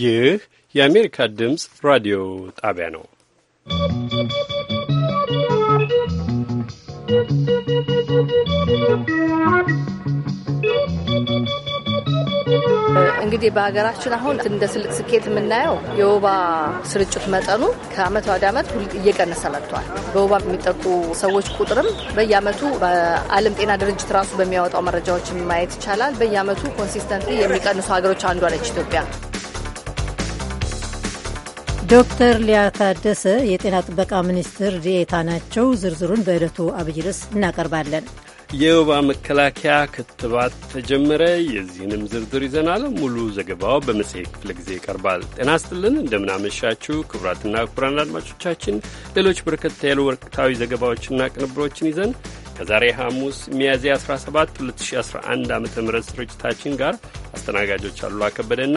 ይህ የአሜሪካ ድምፅ ራዲዮ ጣቢያ ነው። እንግዲህ በሀገራችን አሁን እንደ ትልቅ ስኬት የምናየው የወባ ስርጭት መጠኑ ከአመት ወደ አመት እየቀነሰ መጥቷል። በወባ የሚጠቁ ሰዎች ቁጥርም በየአመቱ በዓለም ጤና ድርጅት ራሱ በሚያወጣው መረጃዎች ማየት ይቻላል። በየአመቱ ኮንሲስተንት የሚቀንሱ ሀገሮች አንዷ ነች ኢትዮጵያ። ዶክተር ሊያ ታደሰ የጤና ጥበቃ ሚኒስትር ዲኤታ ናቸው። ዝርዝሩን በዕለቱ አብይ ርዕስ እናቀርባለን። የወባ መከላከያ ክትባት ተጀመረ። የዚህንም ዝርዝር ይዘናል። ሙሉ ዘገባው በመጽሔት ክፍለ ጊዜ ይቀርባል። ጤና ስጥልን፣ እንደምናመሻችሁ ክቡራትና ክቡራን አድማጮቻችን ሌሎች በርከት ያሉ ወቅታዊ ዘገባዎችና ቅንብሮችን ይዘን ከዛሬ ሐሙስ ሚያዝያ 17 2011 ዓ ም ስርጭታችን ጋር አስተናጋጆች አሉላ ከበደና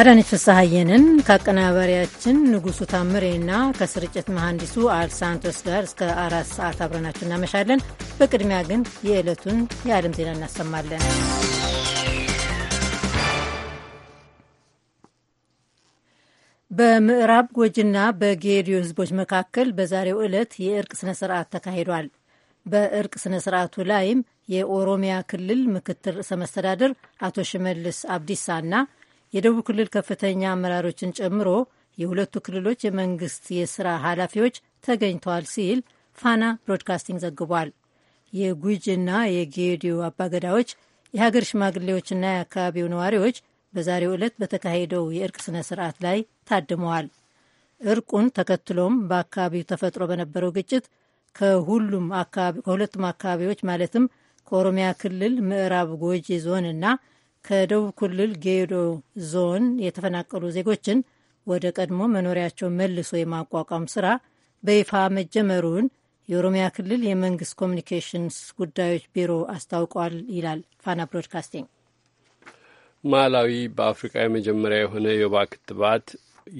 አዳነች ፍስሐየንን ከአቀናባሪያችን ንጉሱ ታምሬና ከስርጭት መሐንዲሱ አልሳንቶስ ጋር እስከ አራት ሰዓት አብረናችሁ እናመሻለን። በቅድሚያ ግን የዕለቱን የዓለም ዜና እናሰማለን። በምዕራብ ጎጂና በጌዲዮ ህዝቦች መካከል በዛሬው ዕለት የእርቅ ስነ ስርዓት ተካሂዷል። በእርቅ ስነ ስርዓቱ ላይም የኦሮሚያ ክልል ምክትል ርዕሰ መስተዳድር አቶ ሽመልስ አብዲሳና የደቡብ ክልል ከፍተኛ አመራሮችን ጨምሮ የሁለቱ ክልሎች የመንግስት የስራ ኃላፊዎች ተገኝተዋል ሲል ፋና ብሮድካስቲንግ ዘግቧል። የጉጂና የጌዲዮ አባገዳዎች፣ የሀገር ሽማግሌዎችና የአካባቢው ነዋሪዎች በዛሬው ዕለት በተካሄደው የእርቅ ስነ ስርዓት ላይ ታድመዋል። እርቁን ተከትሎም በአካባቢው ተፈጥሮ በነበረው ግጭት ከሁሉም ከሁለቱም አካባቢዎች ማለትም ከኦሮሚያ ክልል ምዕራብ ጎጂ ዞንና ከደቡብ ክልል ጌዶ ዞን የተፈናቀሉ ዜጎችን ወደ ቀድሞ መኖሪያቸው መልሶ የማቋቋም ስራ በይፋ መጀመሩን የኦሮሚያ ክልል የመንግስት ኮሚኒኬሽንስ ጉዳዮች ቢሮ አስታውቋል ይላል ፋና ብሮድካስቲንግ። ማላዊ በአፍሪቃ የመጀመሪያ የሆነ የወባ ክትባት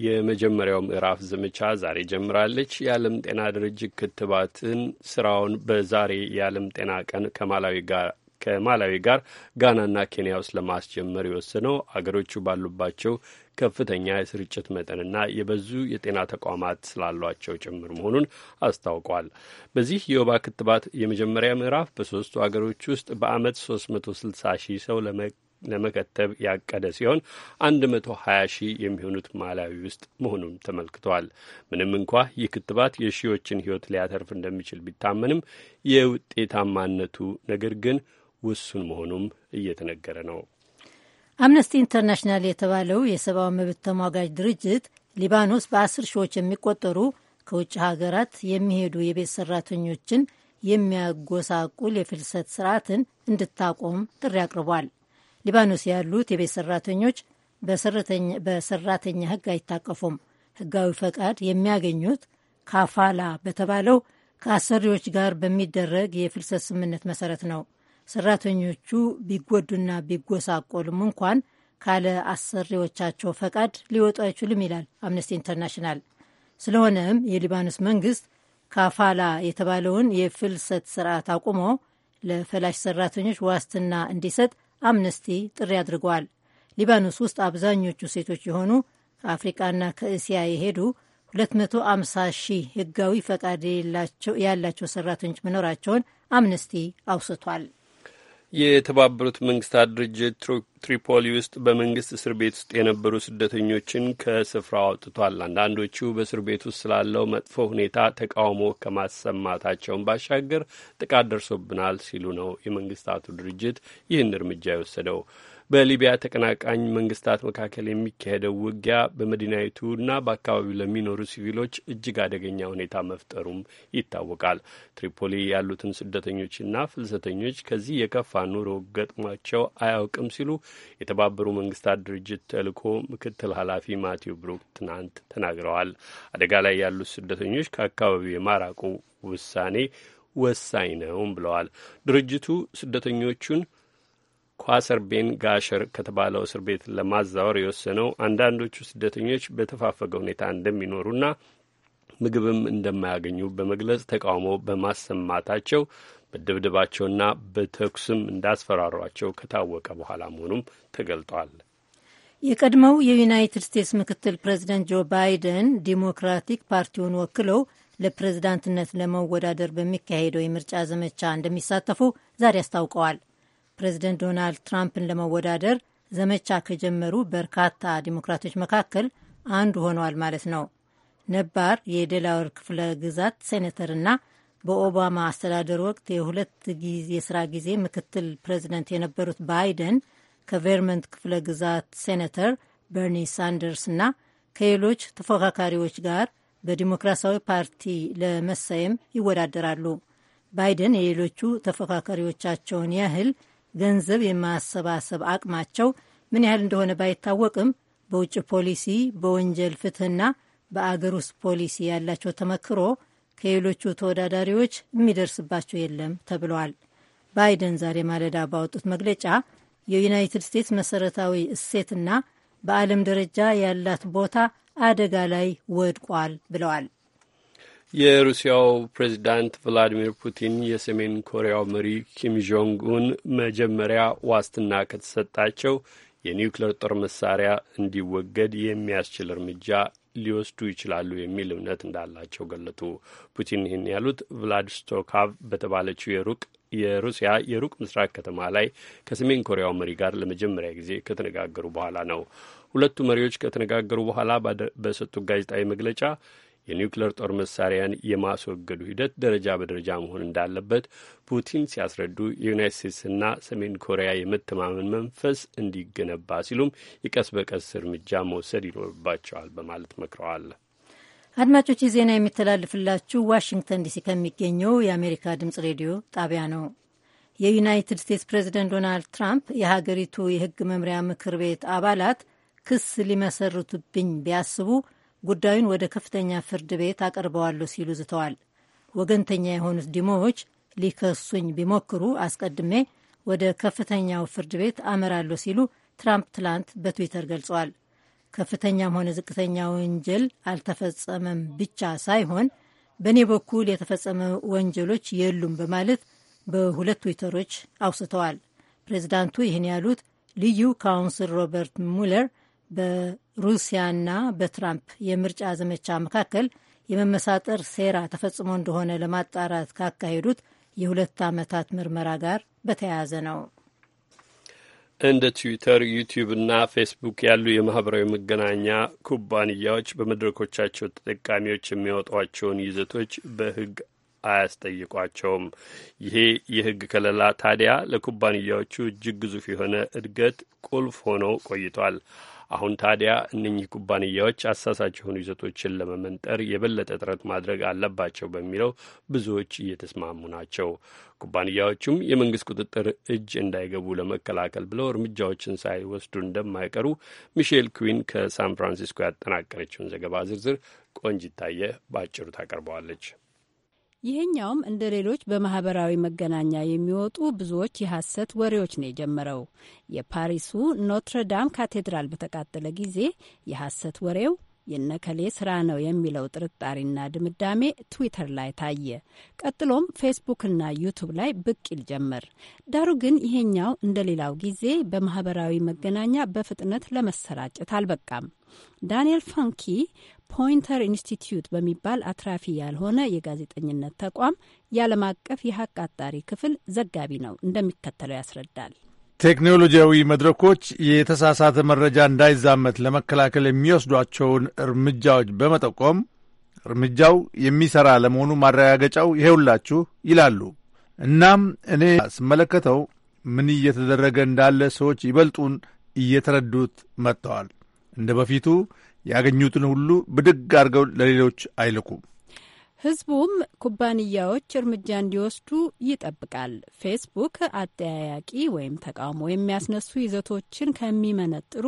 የመጀመሪያው ምዕራፍ ዘመቻ ዛሬ ጀምራለች። የዓለም ጤና ድርጅት ክትባትን ስራውን በዛሬ የዓለም ጤና ቀን ከማላዊ ጋር ከማላዊ ጋር ጋናና ኬንያ ውስጥ ለማስጀመር የወሰነው አገሮቹ ባሉባቸው ከፍተኛ የስርጭት መጠንና የበዙ የጤና ተቋማት ስላሏቸው ጭምር መሆኑን አስታውቋል። በዚህ የወባ ክትባት የመጀመሪያ ምዕራፍ በሶስቱ አገሮች ውስጥ በአመት 360 ሺህ ሰው ለመከተብ ያቀደ ሲሆን 120 ሺህ የሚሆኑት ማላዊ ውስጥ መሆኑም ተመልክቷል። ምንም እንኳ ይህ ክትባት የሺዎችን ሕይወት ሊያተርፍ እንደሚችል ቢታመንም የውጤታማነቱ ነገር ግን ውሱን መሆኑም እየተነገረ ነው። አምነስቲ ኢንተርናሽናል የተባለው የሰብአዊ መብት ተሟጋጅ ድርጅት ሊባኖስ በአስር ሺዎች የሚቆጠሩ ከውጭ ሀገራት የሚሄዱ የቤት ሰራተኞችን የሚያጎሳቁል የፍልሰት ስርዓትን እንድታቆም ጥሪ አቅርቧል። ሊባኖስ ያሉት የቤት ሰራተኞች በሰራተኛ ህግ አይታቀፉም። ህጋዊ ፈቃድ የሚያገኙት ካፋላ በተባለው ከአሰሪዎች ጋር በሚደረግ የፍልሰት ስምምነት መሰረት ነው። ሰራተኞቹ ቢጎዱና ቢጎሳቆሉም እንኳን ካለ አሰሪዎቻቸው ፈቃድ ሊወጡ አይችሉም ይላል አምነስቲ ኢንተርናሽናል። ስለሆነም የሊባኖስ መንግስት ካፋላ የተባለውን የፍልሰት ስርዓት አቁሞ ለፈላሽ ሰራተኞች ዋስትና እንዲሰጥ አምነስቲ ጥሪ አድርገዋል። ሊባኖስ ውስጥ አብዛኞቹ ሴቶች የሆኑ ከአፍሪቃና ከእስያ የሄዱ 250 ሺህ ህጋዊ ፈቃድ ያላቸው ሰራተኞች መኖራቸውን አምነስቲ አውስቷል። የተባበሩት መንግስታት ድርጅት ትሪፖሊ ውስጥ በመንግስት እስር ቤት ውስጥ የነበሩ ስደተኞችን ከስፍራው አውጥቷል። አንዳንዶቹ በእስር ቤት ውስጥ ስላለው መጥፎ ሁኔታ ተቃውሞ ከማሰማታቸውን ባሻገር ጥቃት ደርሶብናል ሲሉ ነው የመንግስታቱ ድርጅት ይህን እርምጃ የወሰደው። በሊቢያ ተቀናቃኝ መንግስታት መካከል የሚካሄደው ውጊያ በመዲናይቱና በአካባቢው ለሚኖሩ ሲቪሎች እጅግ አደገኛ ሁኔታ መፍጠሩም ይታወቃል። ትሪፖሊ ያሉትን ስደተኞችና ፍልሰተኞች ከዚህ የከፋ ኑሮ ገጥሟቸው አያውቅም ሲሉ የተባበሩ መንግስታት ድርጅት ተልእኮ ምክትል ኃላፊ ማቴው ብሩክ ትናንት ተናግረዋል። አደጋ ላይ ያሉት ስደተኞች ከአካባቢው የማራቁ ውሳኔ ወሳኝ ነውም ብለዋል። ድርጅቱ ስደተኞቹን ኳሰርቤን ጋሸር ከተባለው እስር ቤት ለማዛወር የወሰነው አንዳንዶቹ ስደተኞች በተፋፈገ ሁኔታ እንደሚኖሩና ምግብም እንደማያገኙ በመግለጽ ተቃውሞ በማሰማታቸው በድብድባቸውና በተኩስም እንዳስፈራሯቸው ከታወቀ በኋላ መሆኑም ተገልጧል። የቀድሞው የዩናይትድ ስቴትስ ምክትል ፕሬዚደንት ጆ ባይደን ዲሞክራቲክ ፓርቲውን ወክለው ለፕሬዝዳንትነት ለመወዳደር በሚካሄደው የምርጫ ዘመቻ እንደሚሳተፉ ዛሬ አስታውቀዋል። ፕሬዚደንት ዶናልድ ትራምፕን ለመወዳደር ዘመቻ ከጀመሩ በርካታ ዲሞክራቶች መካከል አንዱ ሆነዋል ማለት ነው። ነባር የዴላወር ክፍለ ግዛት ሴኔተርና በኦባማ አስተዳደር ወቅት የሁለት የስራ ጊዜ ምክትል ፕሬዚደንት የነበሩት ባይደን ከቬርመንት ክፍለ ግዛት ሴኔተር በርኒ ሳንደርስ እና ከሌሎች ተፎካካሪዎች ጋር በዲሞክራሲያዊ ፓርቲ ለመሰየም ይወዳደራሉ። ባይደን የሌሎቹ ተፎካካሪዎቻቸውን ያህል ገንዘብ የማሰባሰብ አቅማቸው ምን ያህል እንደሆነ ባይታወቅም በውጭ ፖሊሲ፣ በወንጀል ፍትህና በአገር ውስጥ ፖሊሲ ያላቸው ተመክሮ ከሌሎቹ ተወዳዳሪዎች የሚደርስባቸው የለም ተብለዋል። ባይደን ዛሬ ማለዳ ባወጡት መግለጫ የዩናይትድ ስቴትስ መሰረታዊ እሴትና በዓለም ደረጃ ያላት ቦታ አደጋ ላይ ወድቋል ብለዋል። የሩሲያው ፕሬዚዳንት ቭላዲሚር ፑቲን የሰሜን ኮሪያው መሪ ኪም ጆንግ ኡን መጀመሪያ ዋስትና ከተሰጣቸው የኒውክሌር ጦር መሳሪያ እንዲወገድ የሚያስችል እርምጃ ሊወስዱ ይችላሉ የሚል እምነት እንዳላቸው ገለጡ። ፑቲን ይህን ያሉት ቭላድስቶካቭ በተባለችው የሩቅ የሩሲያ የሩቅ ምስራቅ ከተማ ላይ ከሰሜን ኮሪያው መሪ ጋር ለመጀመሪያ ጊዜ ከተነጋገሩ በኋላ ነው። ሁለቱ መሪዎች ከተነጋገሩ በኋላ በሰጡት ጋዜጣዊ መግለጫ የኒውክሌር ጦር መሳሪያን የማስወገዱ ሂደት ደረጃ በደረጃ መሆን እንዳለበት ፑቲን ሲያስረዱ የዩናይት ስቴትስና ሰሜን ኮሪያ የመተማመን መንፈስ እንዲገነባ ሲሉም የቀስ በቀስ እርምጃ መውሰድ ይኖርባቸዋል በማለት መክረዋል። አድማጮች፣ ዜና የሚተላልፍላችሁ ዋሽንግተን ዲሲ ከሚገኘው የአሜሪካ ድምጽ ሬዲዮ ጣቢያ ነው። የዩናይትድ ስቴትስ ፕሬዚደንት ዶናልድ ትራምፕ የሀገሪቱ የሕግ መምሪያ ምክር ቤት አባላት ክስ ሊመሰርቱብኝ ቢያስቡ ጉዳዩን ወደ ከፍተኛ ፍርድ ቤት አቀርበዋለሁ ሲሉ ዝተዋል። ወገንተኛ የሆኑት ዲሞዎች ሊከሱኝ ቢሞክሩ አስቀድሜ ወደ ከፍተኛው ፍርድ ቤት አመራለሁ ሲሉ ትራምፕ ትላንት በትዊተር ገልጸዋል። ከፍተኛም ሆነ ዝቅተኛ ወንጀል አልተፈጸመም ብቻ ሳይሆን በእኔ በኩል የተፈጸመ ወንጀሎች የሉም በማለት በሁለት ትዊተሮች አውስተዋል። ፕሬዚዳንቱ ይህን ያሉት ልዩ ካውንስል ሮበርት ሙለር በሩሲያና በትራምፕ የምርጫ ዘመቻ መካከል የመመሳጠር ሴራ ተፈጽሞ እንደሆነ ለማጣራት ካካሄዱት የሁለት ዓመታት ምርመራ ጋር በተያያዘ ነው። እንደ ትዊተር፣ ዩቲዩብ እና ፌስቡክ ያሉ የማህበራዊ መገናኛ ኩባንያዎች በመድረኮቻቸው ተጠቃሚዎች የሚያወጧቸውን ይዘቶች በሕግ አያስጠይቋቸውም። ይሄ የሕግ ከለላ ታዲያ ለኩባንያዎቹ እጅግ ግዙፍ የሆነ እድገት ቁልፍ ሆኖ ቆይቷል። አሁን ታዲያ እነኚህ ኩባንያዎች አሳሳች የሆኑ ይዘቶችን ለመመንጠር የበለጠ ጥረት ማድረግ አለባቸው በሚለው ብዙዎች እየተስማሙ ናቸው። ኩባንያዎቹም የመንግስት ቁጥጥር እጅ እንዳይገቡ ለመከላከል ብለው እርምጃዎችን ሳይወስዱ እንደማይቀሩ ሚሼል ኩዊን ከሳን ፍራንሲስኮ ያጠናቀረችውን ዘገባ ዝርዝር ቆንጅታየ በአጭሩ ታቀርበዋለች። ይህኛውም እንደ ሌሎች በማህበራዊ መገናኛ የሚወጡ ብዙዎች የሐሰት ወሬዎች ነው የጀመረው። የፓሪሱ ኖትረዳም ካቴድራል በተቃጠለ ጊዜ የሐሰት ወሬው የነከሌ ስራ ነው የሚለው ጥርጣሬና ድምዳሜ ትዊተር ላይ ታየ። ቀጥሎም ፌስቡክና ዩቱብ ላይ ብቅ ይል ጀመር። ዳሩ ግን ይሄኛው እንደ ሌላው ጊዜ በማህበራዊ መገናኛ በፍጥነት ለመሰራጨት አልበቃም። ዳንኤል ፋንኪ ፖይንተር ኢንስቲትዩት በሚባል አትራፊ ያልሆነ የጋዜጠኝነት ተቋም የዓለም አቀፍ የሀቅ አጣሪ ክፍል ዘጋቢ ነው። እንደሚከተለው ያስረዳል። ቴክኖሎጂያዊ መድረኮች የተሳሳተ መረጃ እንዳይዛመት ለመከላከል የሚወስዷቸውን እርምጃዎች በመጠቆም እርምጃው የሚሠራ ለመሆኑ ማረጋገጫው ይሄውላችሁ ይላሉ። እናም እኔ ስመለከተው ምን እየተደረገ እንዳለ ሰዎች ይበልጡን እየተረዱት መጥተዋል። እንደ በፊቱ ያገኙትን ሁሉ ብድግ አድርገው ለሌሎች አይልኩም። ህዝቡም ኩባንያዎች እርምጃ እንዲወስዱ ይጠብቃል። ፌስቡክ አጠያያቂ ወይም ተቃውሞ የሚያስነሱ ይዘቶችን ከሚመነጥሩ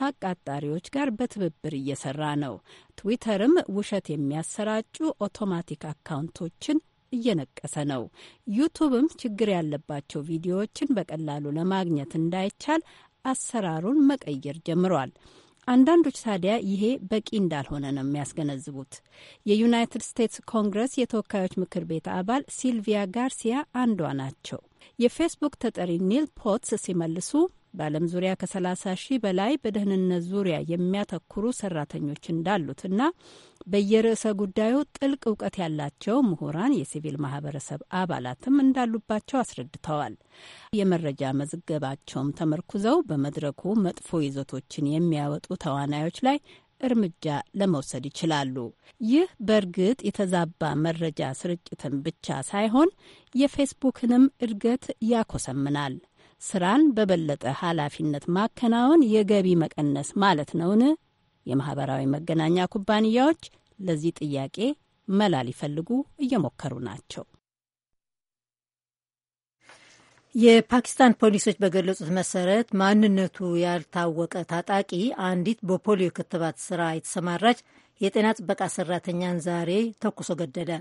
ሀቅ አጣሪዎች ጋር በትብብር እየሰራ ነው። ትዊተርም ውሸት የሚያሰራጩ ኦቶማቲክ አካውንቶችን እየነቀሰ ነው። ዩቱብም ችግር ያለባቸው ቪዲዮዎችን በቀላሉ ለማግኘት እንዳይቻል አሰራሩን መቀየር ጀምሯል። አንዳንዶች ታዲያ ይሄ በቂ እንዳልሆነ ነው የሚያስገነዝቡት። የዩናይትድ ስቴትስ ኮንግረስ የተወካዮች ምክር ቤት አባል ሲልቪያ ጋርሲያ አንዷ ናቸው። የፌስቡክ ተጠሪ ኒል ፖትስ ሲመልሱ በዓለም ዙሪያ ከ30 ሺህ በላይ በደህንነት ዙሪያ የሚያተኩሩ ሰራተኞች እንዳሉትና በየርዕሰ ጉዳዩ ጥልቅ እውቀት ያላቸው ምሁራን፣ የሲቪል ማህበረሰብ አባላትም እንዳሉባቸው አስረድተዋል። የመረጃ መዝገባቸውም ተመርኩዘው በመድረኩ መጥፎ ይዘቶችን የሚያወጡ ተዋናዮች ላይ እርምጃ ለመውሰድ ይችላሉ። ይህ በእርግጥ የተዛባ መረጃ ስርጭትን ብቻ ሳይሆን የፌስቡክንም እድገት ያኮሰምናል። ስራን በበለጠ ኃላፊነት ማከናወን የገቢ መቀነስ ማለት ነውን? የማህበራዊ መገናኛ ኩባንያዎች ለዚህ ጥያቄ መላ ሊፈልጉ እየሞከሩ ናቸው። የፓኪስታን ፖሊሶች በገለጹት መሰረት ማንነቱ ያልታወቀ ታጣቂ አንዲት በፖሊዮ ክትባት ስራ የተሰማራች የጤና ጥበቃ ሰራተኛን ዛሬ ተኩሶ ገደለ፣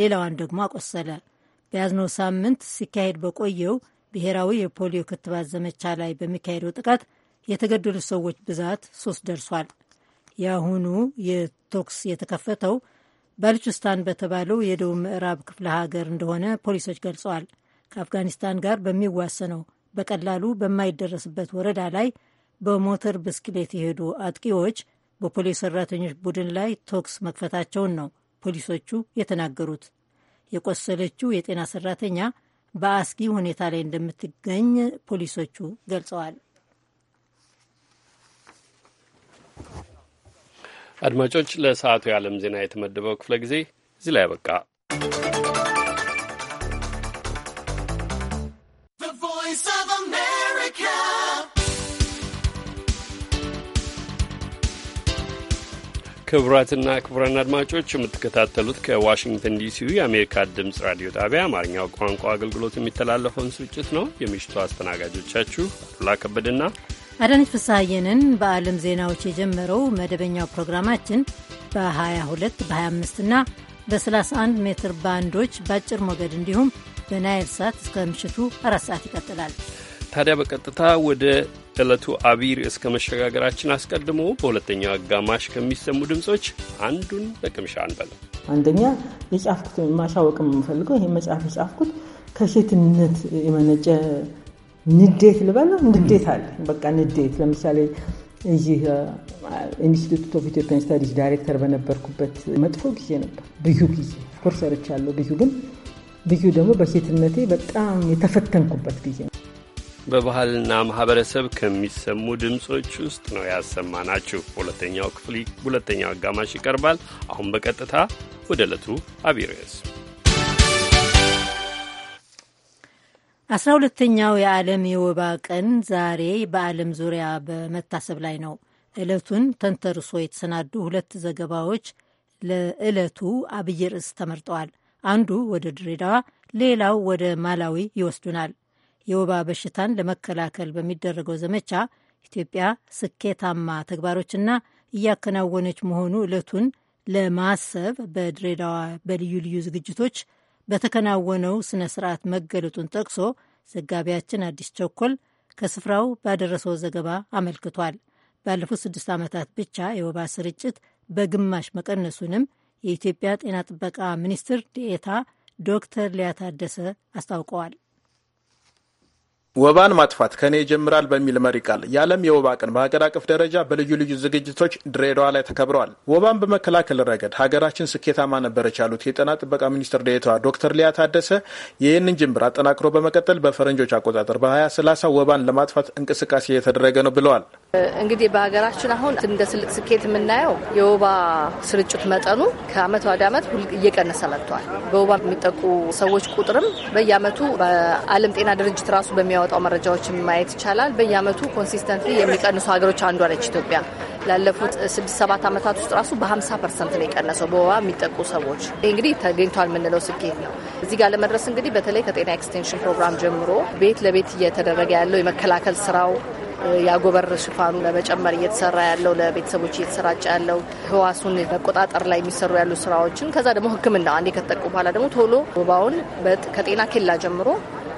ሌላዋን ደግሞ አቆሰለ። በያዝነው ሳምንት ሲካሄድ በቆየው ብሔራዊ የፖሊዮ ክትባት ዘመቻ ላይ በሚካሄደው ጥቃት የተገደሉት ሰዎች ብዛት ሶስት ደርሷል። የአሁኑ የቶክስ የተከፈተው ባልቹስታን በተባለው የደቡብ ምዕራብ ክፍለ ሀገር እንደሆነ ፖሊሶች ገልጸዋል። ከአፍጋኒስታን ጋር በሚዋሰነው በቀላሉ በማይደረስበት ወረዳ ላይ በሞተር ብስክሌት የሄዱ አጥቂዎች በፖሊስ ሰራተኞች ቡድን ላይ ቶክስ መክፈታቸውን ነው ፖሊሶቹ የተናገሩት። የቆሰለችው የጤና ሰራተኛ በአስጊ ሁኔታ ላይ እንደምትገኝ ፖሊሶቹ ገልጸዋል። አድማጮች፣ ለሰዓቱ የዓለም ዜና የተመደበው ክፍለ ጊዜ እዚህ ላይ ያበቃ። ክቡራትና ክቡራን አድማጮች የምትከታተሉት ከዋሽንግተን ዲሲ የአሜሪካ ድምፅ ራዲዮ ጣቢያ አማርኛው ቋንቋ አገልግሎት የሚተላለፈውን ስርጭት ነው። የምሽቱ አስተናጋጆቻችሁ አሉላ ከበድና አዳነች ፍስሐየንን። በዓለም ዜናዎች የጀመረው መደበኛው ፕሮግራማችን በ22 በ25 እና በ31 ሜትር ባንዶች በአጭር ሞገድ እንዲሁም በናይል ሳት እስከ ምሽቱ አራት ሰዓት ይቀጥላል። ታዲያ በቀጥታ ወደ ዕለቱ አቢር እስከ መሸጋገራችን አስቀድሞ በሁለተኛው አጋማሽ ከሚሰሙ ድምፆች አንዱን በቅምሻ አንበል። አንደኛ የጻፍኩት ማሳወቅ የምፈልገው ይህ መጽሐፍ የጻፍኩት ከሴትነት የመነጨ ንዴት ልበለው፣ ንዴት አለ። በቃ ንዴት ለምሳሌ እዚህ ኢንስቲቱት ኦፍ ኢትዮጵያን ስታዲስ ዳይሬክተር በነበርኩበት መጥፎ ጊዜ ነበር። ብዙ ጊዜ ኮርስ ሰርቻለሁ። ብዙ ግን ብዙ ደግሞ በሴትነቴ በጣም የተፈተንኩበት ጊዜ በባህልና ማህበረሰብ ከሚሰሙ ድምፆች ውስጥ ነው ናችሁ። ሁለተኛው ክፍል ሁለተኛው አጋማሽ ይቀርባል። አሁን በቀጥታ ወደ ዕለቱ አብይ ርዕስ አስራ ሁለተኛው የዓለም የወባ ቀን ዛሬ በዓለም ዙሪያ በመታሰብ ላይ ነው። ዕለቱን ተንተርሶ የተሰናዱ ሁለት ዘገባዎች ለዕለቱ አብይ ርዕስ ተመርጠዋል። አንዱ ወደ ድሬዳዋ፣ ሌላው ወደ ማላዊ ይወስዱናል። የወባ በሽታን ለመከላከል በሚደረገው ዘመቻ ኢትዮጵያ ስኬታማ ተግባሮችና እያከናወነች መሆኑ ዕለቱን ለማሰብ በድሬዳዋ በልዩ ልዩ ዝግጅቶች በተከናወነው ስነ ስርዓት መገለጡን ጠቅሶ ዘጋቢያችን አዲስ ቸኮል ከስፍራው ባደረሰው ዘገባ አመልክቷል። ባለፉት ስድስት ዓመታት ብቻ የወባ ስርጭት በግማሽ መቀነሱንም የኢትዮጵያ ጤና ጥበቃ ሚኒስትር ዴኤታ ዶክተር ሊያ ታደሰ አስታውቀዋል። ወባን ማጥፋት ከኔ ይጀምራል በሚል መሪ ቃል የዓለም የወባ ቀን በሀገር አቀፍ ደረጃ በልዩ ልዩ ዝግጅቶች ድሬዳዋ ላይ ተከብረዋል። ወባን በመከላከል ረገድ ሀገራችን ስኬታማ ነበረች ያሉት የጤና ጥበቃ ሚኒስትር ዴኤታዋ ዶክተር ሊያ ታደሰ ይህንን ጅምር አጠናክሮ በመቀጠል በፈረንጆች አቆጣጠር በ ሰላሳ ወባን ለማጥፋት እንቅስቃሴ እየተደረገ ነው ብለዋል። እንግዲህ በሀገራችን አሁን እንደ ትልቅ ስኬት የምናየው የወባ ስርጭት መጠኑ ከአመት ወደ አመት እየቀነሰ መጥቷል። በወባ የሚጠቁ ሰዎች ቁጥርም በየአመቱ በዓለም ጤና ድርጅት ራሱ በሚያወ ከሚወጣው መረጃዎችን ማየት ይቻላል። በየአመቱ ኮንሲስተንትሊ የሚቀንሱ ሀገሮች አንዷ ነች ኢትዮጵያ። ላለፉት ስድስት ሰባት ዓመታት ውስጥ ራሱ በ50 ፐርሰንት ነው የቀነሰው በወባ የሚጠቁ ሰዎች። ይህ እንግዲህ ተገኝቷል የምንለው ስኬት ነው። እዚህ ጋር ለመድረስ እንግዲህ በተለይ ከጤና ኤክስቴንሽን ፕሮግራም ጀምሮ ቤት ለቤት እየተደረገ ያለው የመከላከል ስራው የአጎበር ሽፋኑ ለመጨመር እየተሰራ ያለው ለቤተሰቦች እየተሰራጨ ያለው ህዋሱን መቆጣጠር ላይ የሚሰሩ ያሉ ስራዎችን ከዛ ደግሞ ሕክምና አንዴ ከተጠቁ በኋላ ደግሞ ቶሎ ወባውን ከጤና ኬላ ጀምሮ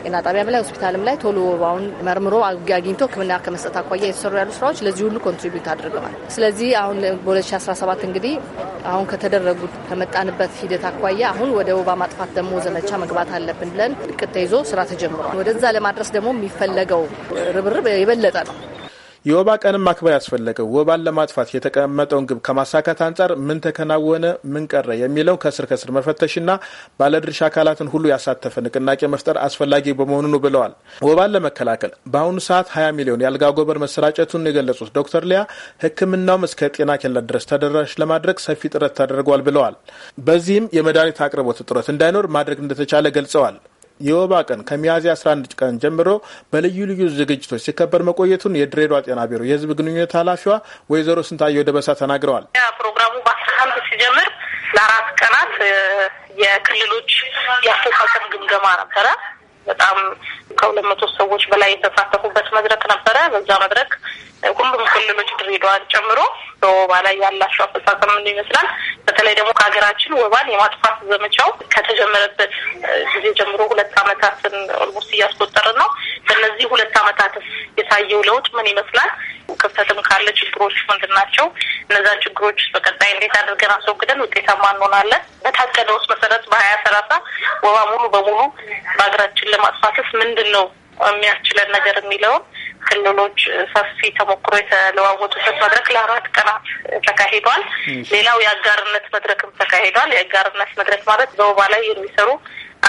ጤና ጣቢያም ላይ ሆስፒታልም ላይ ቶሎ ወባውን መርምሮ አግኝቶ ሕክምና ከመስጠት አኳያ የተሰሩ ያሉ ስራዎች ለዚህ ሁሉ ኮንትሪቢዩት አድርገዋል። ስለዚህ አሁን በ2017 እንግዲህ አሁን ከተደረጉት ከመጣንበት ሂደት አኳያ አሁን ወደ ወባ ማጥፋት ደግሞ ዘመቻ መግባት አለብን ብለን እቅድ ተይዞ ስራ ተጀምሯል። ወደዛ ለማድረስ ደግሞ የሚፈለገው ርብርብ የበለጠ ነው። የወባ ቀንም ማክበር ያስፈለገው ወባን ለማጥፋት የተቀመጠውን ግብ ከማሳካት አንጻር ምን ተከናወነ፣ ምን ቀረ የሚለው ከስር ከስር መፈተሽና ባለድርሻ አካላትን ሁሉ ያሳተፈ ንቅናቄ መፍጠር አስፈላጊ በመሆኑ ነው ብለዋል። ወባን ለመከላከል በአሁኑ ሰዓት 20 ሚሊዮን የአልጋ ጎበር መሰራጨቱን የገለጹት ዶክተር ሊያ ሕክምናውም እስከ ጤና ኬላ ድረስ ተደራሽ ለማድረግ ሰፊ ጥረት ተደርጓል ብለዋል። በዚህም የመድኃኒት አቅርቦት እጥረት እንዳይኖር ማድረግ እንደተቻለ ገልጸዋል። የወባ ቀን ከሚያዝያ 11 ቀን ጀምሮ በልዩ ልዩ ዝግጅቶች ሲከበር መቆየቱን የድሬዳዋ ጤና ቢሮ የህዝብ ግንኙነት ኃላፊዋ ወይዘሮ ስንታየው ደበሳ ተናግረዋል። ፕሮግራሙ በአስራ ሲጀምር ለአራት ቀናት የክልሎች የአፈጻጸም ግምገማ ነበረ። በጣም ከሁለት መቶ ሰዎች በላይ የተሳተፉበት መድረክ ነበረ። በዛ መድረክ ሁሉም ክልሎች ድሬዳዋን ጨምሮ በወባ ላይ ያላቸው አፈጻጸም ምን ይመስላል? በተለይ ደግሞ ከሀገራችን ወባን የማጥፋት ዘመቻው ከተጀመረበት ጊዜ ጀምሮ ሁለት ዓመታትን ኦልሞስት እያስቆጠረ ነው። በእነዚህ ሁለት ዓመታት የታየው ለውጥ ምን ይመስላል? ክፍተትም ካለ ችግሮች ምንድን ናቸው? እነዛን ችግሮች በቀጣይ እንዴት አድርገን አስወግደን ውጤታማ እንሆናለን? በታቀደ ውስጥ መሰረት በሀያ ሰላሳ ወባ ሙሉ በሙሉ በሀገራችን ለማጥፋትስ ምንድን ነው የሚያስችለን ነገር የሚለውን ክልሎች ሰፊ ተሞክሮ የተለዋወጡበት መድረክ ለአራት ቀናት ተካሂዷል። ሌላው የአጋርነት መድረክም ተካሂዷል። የአጋርነት መድረክ ማለት በወባ ላይ የሚሰሩ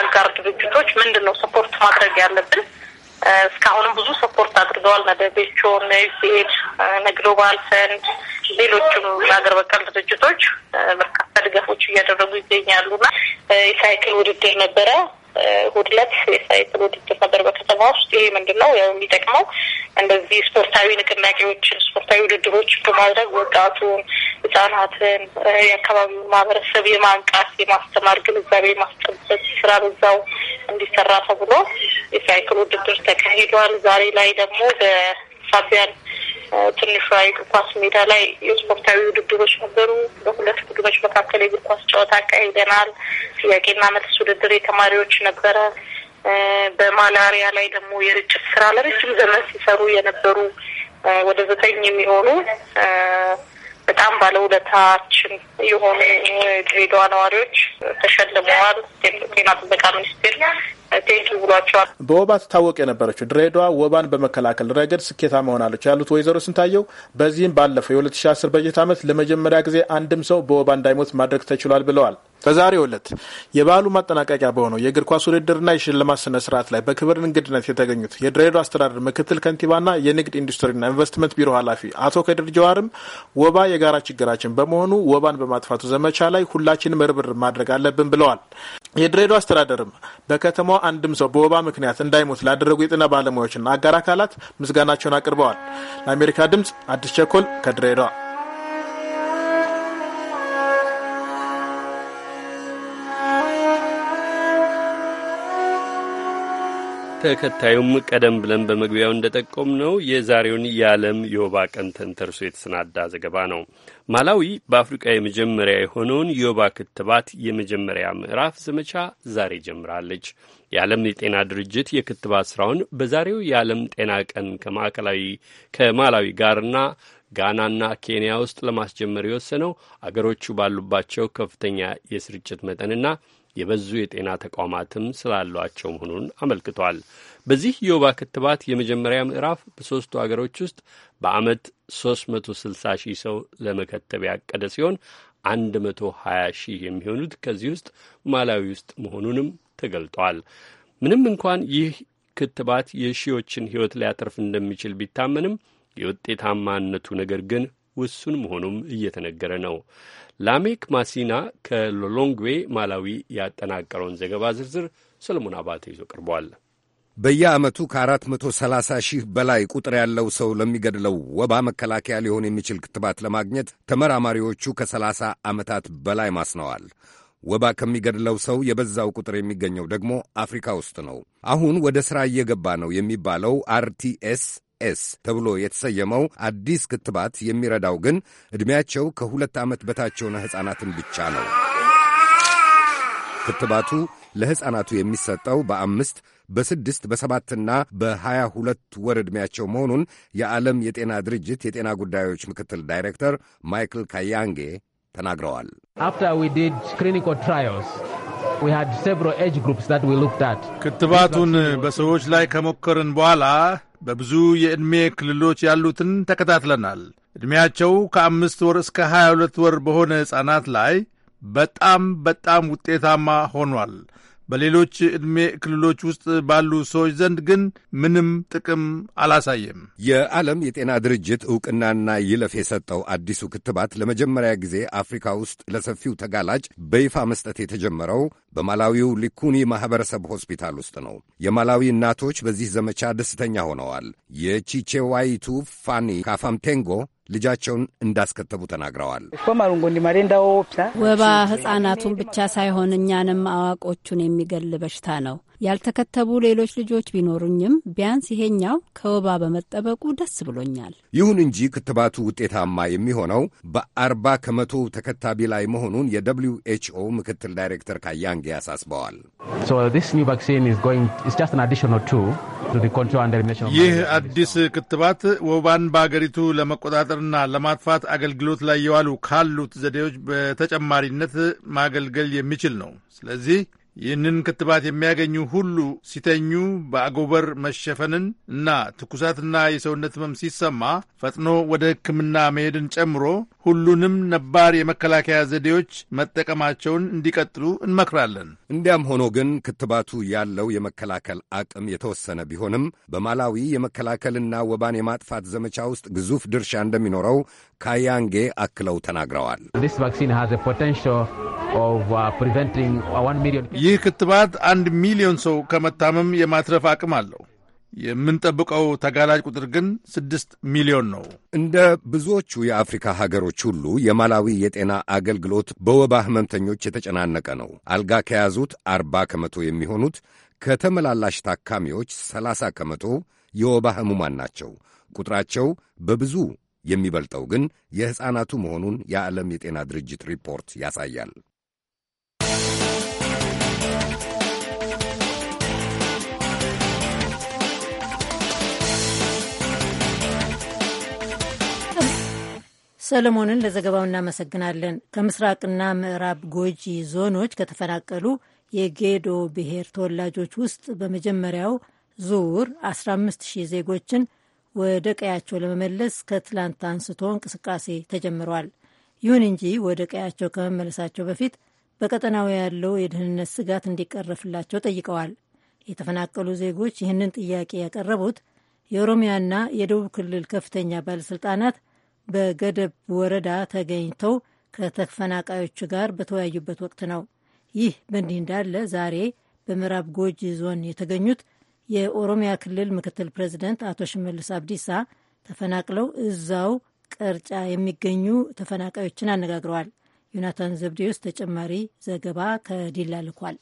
አጋር ድርጅቶች ምንድን ነው ሰፖርት ማድረግ ያለብን? እስካሁንም ብዙ ሰፖርት አድርገዋል። ቤቾ፣ ነዩሴድ፣ ነግሎባል ፈንድ፣ ሌሎችም ለሀገር በቀል ድርጅቶች በርካታ ድጋፎች እያደረጉ ና የሳይክል ውድድር ነበረ። እሑድ ዕለት የሳይክል ውድድር ነበር በከተማ ውስጥ። ይሄ ምንድን ነው ያው የሚጠቅመው እንደዚህ ስፖርታዊ ንቅናቄዎችን፣ ስፖርታዊ ውድድሮች በማድረግ ወጣቱን፣ ህጻናትን፣ የአካባቢውን ማህበረሰብ የማንቃት የማስተማር ግንዛቤ የማስጠበቅ ስራ በዛው እንዲሰራ ተብሎ የሳይክል ውድድር ተካሂዷል። ዛሬ ላይ ደግሞ በሳቢያን ትንሿ የእግር ኳስ ሜዳ ላይ የስፖርታዊ ውድድሮች ነበሩ። በሁለት ቡድኖች መካከል የእግር ኳስ ጨዋታ አካሂደናል። ጥያቄና መልስ ውድድር የተማሪዎች ነበረ። በማላሪያ ላይ ደግሞ የርጭት ስራ ለረጅም ዘመን ሲሰሩ የነበሩ ወደ ዘጠኝ የሚሆኑ በጣም ባለውለታችን የሆኑ ድሬዳዋ ነዋሪዎች ተሸልመዋል። ጤና ጥበቃ ሚኒስቴር ቴንኪ ብሏቸዋል። በወባ ትታወቅ የነበረችው ድሬዳዋ ወባን በመከላከል ረገድ ስኬታማ ሆናለች ያሉት ወይዘሮ ስንታየው በዚህም ባለፈው የ2010 በጀት ዓመት ለመጀመሪያ ጊዜ አንድም ሰው በወባ እንዳይሞት ማድረግ ተችሏል ብለዋል። በዛሬው ዕለት የበዓሉ ማጠናቀቂያ በሆነው የእግር ኳስ ውድድርና የሽልማት ስነ ስርዓት ላይ በክብር እንግድነት የተገኙት የድሬዳዋ አስተዳደር ምክትል ከንቲባና የንግድ ኢንዱስትሪና ኢንቨስትመንት ቢሮ ኃላፊ አቶ ከድር ጀዋርም ወባ የጋራ ችግራችን በመሆኑ ወባን በማጥፋቱ ዘመቻ ላይ ሁላችንም ርብር ማድረግ አለብን ብለዋል። የድሬዳዋ አስተዳደርም በከተማ አንድም ሰው በወባ ምክንያት እንዳይሞት ላደረጉ የጤና ባለሙያዎችና አጋር አካላት ምስጋናቸውን አቅርበዋል። ለአሜሪካ ድምጽ አዲስ ቸኮል ከድሬዳዋ ተከታዩም ቀደም ብለን በመግቢያው እንደጠቆም ነው የዛሬውን የዓለም የወባ ቀን ተንተርሶ የተሰናዳ ዘገባ ነው። ማላዊ በአፍሪቃ የመጀመሪያ የሆነውን የወባ ክትባት የመጀመሪያ ምዕራፍ ዘመቻ ዛሬ ጀምራለች። የዓለም የጤና ድርጅት የክትባት ስራውን በዛሬው የዓለም ጤና ቀን ከማዕከላዊ ከማላዊ ጋርና ጋናና ኬንያ ውስጥ ለማስጀመር የወሰነው አገሮቹ ባሉባቸው ከፍተኛ የስርጭት መጠንና የበዙ የጤና ተቋማትም ስላሏቸው መሆኑን አመልክቷል። በዚህ የወባ ክትባት የመጀመሪያ ምዕራፍ በሦስቱ አገሮች ውስጥ በዓመት 360 ሺህ ሰው ለመከተብ ያቀደ ሲሆን 120 ሺህ የሚሆኑት ከዚህ ውስጥ ማላዊ ውስጥ መሆኑንም ተገልጧል። ምንም እንኳን ይህ ክትባት የሺዎችን ሕይወት ሊያተርፍ እንደሚችል ቢታመንም የውጤታማነቱ ነገር ግን ውሱን መሆኑም እየተነገረ ነው። ላሜክ ማሲና ከሎሎንግዌ ማላዊ ያጠናቀረውን ዘገባ ዝርዝር ሰለሞን አባተ ይዞ ቀርቧል። በየዓመቱ ከ430 ሺህ በላይ ቁጥር ያለው ሰው ለሚገድለው ወባ መከላከያ ሊሆን የሚችል ክትባት ለማግኘት ተመራማሪዎቹ ከ30 ዓመታት በላይ ማስነዋል። ወባ ከሚገድለው ሰው የበዛው ቁጥር የሚገኘው ደግሞ አፍሪካ ውስጥ ነው። አሁን ወደ ሥራ እየገባ ነው የሚባለው አርቲኤስ ኤስ ተብሎ የተሰየመው አዲስ ክትባት የሚረዳው ግን ዕድሜያቸው ከሁለት ዓመት በታች የሆነ ሕፃናትን ብቻ ነው። ክትባቱ ለሕፃናቱ የሚሰጠው በአምስት በስድስት በሰባትና በሀያ ሁለት ወር ዕድሜያቸው መሆኑን የዓለም የጤና ድርጅት የጤና ጉዳዮች ምክትል ዳይሬክተር ማይክል ካያንጌ ተናግረዋል። ክትባቱን በሰዎች ላይ ከሞከርን በኋላ በብዙ የዕድሜ ክልሎች ያሉትን ተከታትለናል። ዕድሜያቸው ከአምስት ወር እስከ 22 ወር በሆነ ሕፃናት ላይ በጣም በጣም ውጤታማ ሆኗል። በሌሎች ዕድሜ ክልሎች ውስጥ ባሉ ሰዎች ዘንድ ግን ምንም ጥቅም አላሳየም። የዓለም የጤና ድርጅት ዕውቅናና ይለፍ የሰጠው አዲሱ ክትባት ለመጀመሪያ ጊዜ አፍሪካ ውስጥ ለሰፊው ተጋላጭ በይፋ መስጠት የተጀመረው በማላዊው ሊኩኒ ማኅበረሰብ ሆስፒታል ውስጥ ነው። የማላዊ እናቶች በዚህ ዘመቻ ደስተኛ ሆነዋል። የቺቼዋይቱ ፋኒ ካፋምቴንጎ ልጃቸውን እንዳስከተቡ ተናግረዋል። ወባ ሕፃናቱን ብቻ ሳይሆን እኛንም አዋቆቹን የሚገል በሽታ ነው። ያልተከተቡ ሌሎች ልጆች ቢኖሩኝም ቢያንስ ይሄኛው ከወባ በመጠበቁ ደስ ብሎኛል። ይሁን እንጂ ክትባቱ ውጤታማ የሚሆነው በአርባ ከመቶ ተከታቢ ላይ መሆኑን የደብሊው ኤች ኦ ምክትል ዳይሬክተር ካያንጌ አሳስበዋል። ይህ አዲስ ክትባት ወባን በአገሪቱ ለመቆጣጠርና ለማጥፋት አገልግሎት ላይ የዋሉ ካሉት ዘዴዎች በተጨማሪነት ማገልገል የሚችል ነው። ስለዚህ ይህንን ክትባት የሚያገኙ ሁሉ ሲተኙ በአጎበር መሸፈንን እና ትኩሳትና የሰውነት ህመም ሲሰማ ፈጥኖ ወደ ሕክምና መሄድን ጨምሮ ሁሉንም ነባር የመከላከያ ዘዴዎች መጠቀማቸውን እንዲቀጥሉ እንመክራለን። እንዲያም ሆኖ ግን ክትባቱ ያለው የመከላከል አቅም የተወሰነ ቢሆንም በማላዊ የመከላከልና ወባን የማጥፋት ዘመቻ ውስጥ ግዙፍ ድርሻ እንደሚኖረው ካያንጌ አክለው ተናግረዋል። uh, ይህ ክትባት አንድ ሚሊዮን ሰው ከመታመም የማትረፍ አቅም አለው። የምንጠብቀው ተጋላጭ ቁጥር ግን ስድስት ሚሊዮን ነው። እንደ ብዙዎቹ የአፍሪካ ሀገሮች ሁሉ የማላዊ የጤና አገልግሎት በወባ ህመምተኞች የተጨናነቀ ነው። አልጋ ከያዙት አርባ ከመቶ የሚሆኑት ከተመላላሽ ታካሚዎች ሰላሳ ከመቶ የወባ ህሙማን ናቸው። ቁጥራቸው በብዙ የሚበልጠው ግን የሕፃናቱ መሆኑን የዓለም የጤና ድርጅት ሪፖርት ያሳያል። ሰለሞንን ለዘገባው እናመሰግናለን። ከምስራቅና ምዕራብ ጎጂ ዞኖች ከተፈናቀሉ የጌዶ ብሔር ተወላጆች ውስጥ በመጀመሪያው ዙር 150 ዜጎችን ወደ ቀያቸው ለመመለስ ከትላንት አንስቶ እንቅስቃሴ ተጀምሯል። ይሁን እንጂ ወደ ቀያቸው ከመመለሳቸው በፊት በቀጠናው ያለው የደህንነት ስጋት እንዲቀረፍላቸው ጠይቀዋል። የተፈናቀሉ ዜጎች ይህንን ጥያቄ ያቀረቡት የኦሮሚያና የደቡብ ክልል ከፍተኛ ባለሥልጣናት በገደብ ወረዳ ተገኝተው ከተፈናቃዮቹ ጋር በተወያዩበት ወቅት ነው። ይህ በእንዲህ እንዳለ ዛሬ በምዕራብ ጎጂ ዞን የተገኙት የኦሮሚያ ክልል ምክትል ፕሬዚደንት አቶ ሽመልስ አብዲሳ ተፈናቅለው እዛው ቀርጫ የሚገኙ ተፈናቃዮችን አነጋግረዋል። ዮናታን ዘብዴዎስ ተጨማሪ ዘገባ ከዲላ ልኳል።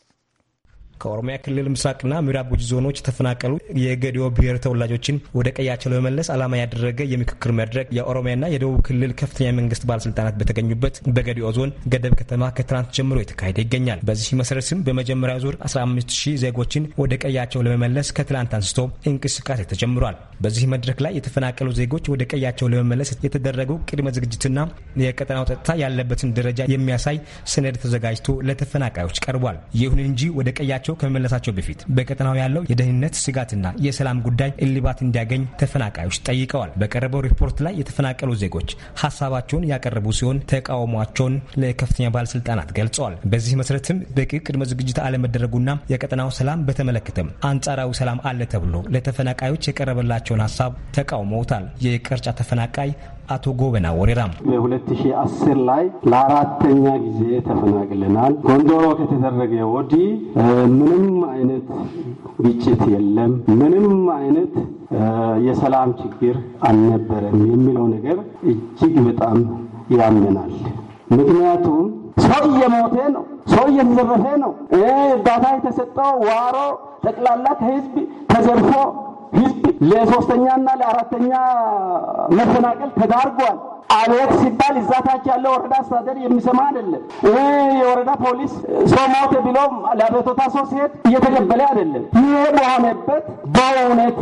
ከኦሮሚያ ክልል ምስራቅና ምዕራብ ጉጂ ዞኖች የተፈናቀሉ የገዲዮ ብሔር ተወላጆችን ወደ ቀያቸው ለመመለስ ዓላማ ያደረገ የምክክር መድረክ የኦሮሚያና የደቡብ ክልል ከፍተኛ የመንግስት ባለስልጣናት በተገኙበት በገዲኦ ዞን ገደብ ከተማ ከትናንት ጀምሮ የተካሄደ ይገኛል። በዚህ መሰረትም በመጀመሪያ ዙር 15 ሺህ ዜጎችን ወደ ቀያቸው ለመመለስ ከትላንት አንስቶ እንቅስቃሴ ተጀምሯል። በዚህ መድረክ ላይ የተፈናቀሉ ዜጎች ወደ ቀያቸው ለመመለስ የተደረጉ ቅድመ ዝግጅትና የቀጠናው ጸጥታ ያለበትን ደረጃ የሚያሳይ ሰነድ ተዘጋጅቶ ለተፈናቃዮች ቀርቧል። ይሁን እንጂ ወደ ቀያቸው ወደየቤታቸው ከመመለሳቸው በፊት በቀጠናው ያለው የደህንነት ስጋትና የሰላም ጉዳይ እልባት እንዲያገኝ ተፈናቃዮች ጠይቀዋል። በቀረበው ሪፖርት ላይ የተፈናቀሉ ዜጎች ሀሳባቸውን ያቀረቡ ሲሆን ተቃውሟቸውን ለከፍተኛ ባለስልጣናት ገልጸዋል። በዚህ መሰረትም በቂ ቅድመ ዝግጅት አለመደረጉና የቀጠናው ሰላም በተመለከተም አንጻራዊ ሰላም አለ ተብሎ ለተፈናቃዮች የቀረበላቸውን ሀሳብ ተቃውመውታል። የቅርጫ ተፈናቃይ አቶ ጎበና ወሬራም ላይ ለአራተኛ ጊዜ ተፈናቅለናል። ጎንደሮ ከተደረገ ወዲህ ምንም አይነት ግጭት የለም፣ ምንም አይነት የሰላም ችግር አልነበረም የሚለው ነገር እጅግ በጣም ያምናል። ምክንያቱም ሰው እየሞተ ነው፣ ሰው እየተዘረፈ ነው። እርዳታ የተሰጠው ዋሮ ጠቅላላ ከህዝብ ተዘርፎ ለሶስተኛና ለአራተኛ መፈናቀል ተዳርጓል። አልወት ሲባል እዛታች ያለው ወረዳ አስተዳደር የሚሰማ አይደለም። ይህ የወረዳ ፖሊስ ሰው ሞተ ቢለውም ለአቤቶታ ሰው ሲሄድ እየተቀበለ አይደለም። ይህ በሆነበት በእውነት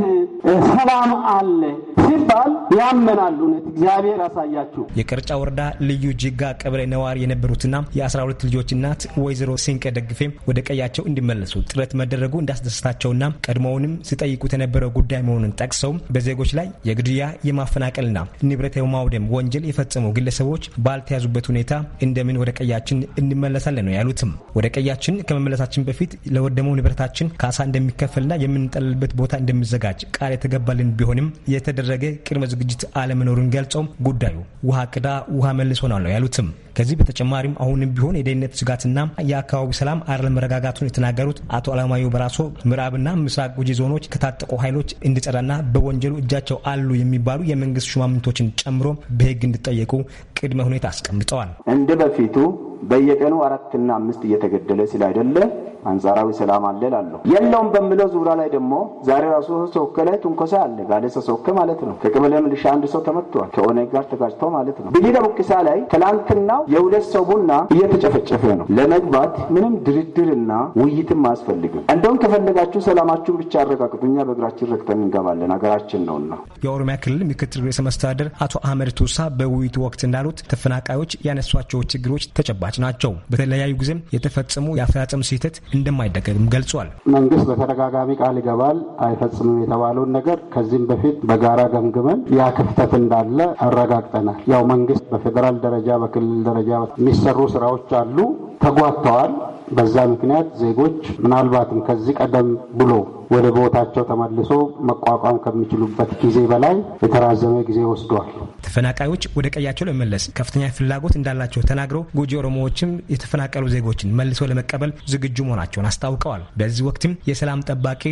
ሰላም አለ ሲባል ያመናሉ እውነት እግዚአብሔር ያሳያችሁ። የቅርጫ ወረዳ ልዩ ጅጋ ቀበሌ ነዋሪ የነበሩትና የአስራ ሁለት ልጆች እናት ወይዘሮ ሲንቀ ደግፌም ወደ ቀያቸው እንዲመለሱ ጥረት መደረጉ እንዳስደስታቸውና ቀድሞውንም ሲጠይቁት የነበረው ጉዳይ መሆኑን ጠቅሰው በዜጎች ላይ የግድያ የማፈናቀልና ንብረት የማውደም ወንጀል የፈጸሙ ግለሰቦች ባልተያዙበት ሁኔታ እንደምን ወደ ቀያችን እንመለሳለን ነው ያሉትም። ወደ ቀያችን ከመመለሳችን በፊት ለወደመው ንብረታችን ካሳ እንደሚከፈልና የምንጠልልበት ቦታ እንደሚዘጋጅ ቃል የተገባልን ቢሆንም የተደረገ ቅድመ ዝግጅት አለመኖሩን ገልጸው ጉዳዩ ውሃ ቅዳ ውሃ መልሶናል ነው ያሉትም። ከዚህ በተጨማሪም አሁንም ቢሆን የደህንነት ስጋትና የአካባቢ ሰላም አለመረጋጋቱን የተናገሩት አቶ አለማየሁ በራሶ ምዕራብና ምስራቅ ጉጂ ዞኖች ከታጠቁ ኃይሎች እንዲጸዳና በወንጀሉ እጃቸው አሉ የሚባሉ የመንግስት ሹማምንቶችን ጨምሮ በህግ እንዲጠየቁ ቅድመ ሁኔታ አስቀምጠዋል። እንደ በፊቱ በየቀኑ አራትና አምስት እየተገደለ አይደለ አንጻራዊ ሰላም አለ እላለሁ። የለውም በምለው ዙሪያ ላይ ደግሞ ዛሬ ራሱ ሶኬ ላይ ትንኮሳ አለ። ጋሌሳ ሶኬ ማለት ነው። ከቀበሌ ሚሊሻ አንድ ሰው ተመትቷል፣ ከኦነግ ጋር ተጋጭቶ ማለት ነው። ቢሊለ ቡቅሳ ላይ ትላንትና የሁለት ሰው ቡና እየተጨፈጨፈ ነው። ለመግባት ምንም ድርድርና ውይይትም አያስፈልግም። እንደውም ከፈለጋችሁ ሰላማችሁን ብቻ አረጋግጡ፣ እኛ በእግራችን ረግጠን እንገባለን፣ ሀገራችን ነውና። የኦሮሚያ ክልል ምክትል ርዕሰ መስተዳደር አቶ አህመድ ቱሳ በውይይቱ ወቅት እንዳሉት ተፈናቃዮች ያነሷቸው ችግሮች ተጨባጭ ናቸው። በተለያዩ ጊዜም የተፈጸሙ የአፈጻጸም ስህተት እንደማይደገግም ገልጿል። መንግስት በተደጋጋሚ ቃል ይገባል፣ አይፈጽምም የተባለውን ነገር ከዚህም በፊት በጋራ ገምግመን ያ ክፍተት እንዳለ አረጋግጠናል። ያው መንግስት በፌዴራል ደረጃ በክልል ደረጃ የሚሰሩ ስራዎች አሉ፣ ተጓተዋል። በዛ ምክንያት ዜጎች ምናልባትም ከዚህ ቀደም ብሎ ወደ ቦታቸው ተመልሶ መቋቋም ከሚችሉበት ጊዜ በላይ የተራዘመ ጊዜ ወስዷል። ተፈናቃዮች ወደ ቀያቸው ለመመለስ ከፍተኛ ፍላጎት እንዳላቸው ተናግረው ጎጂ ኦሮሞዎችም የተፈናቀሉ ዜጎችን መልሶ ለመቀበል ዝግጁ መሆናቸውን አስታውቀዋል። በዚህ ወቅትም የሰላም ጠባቂ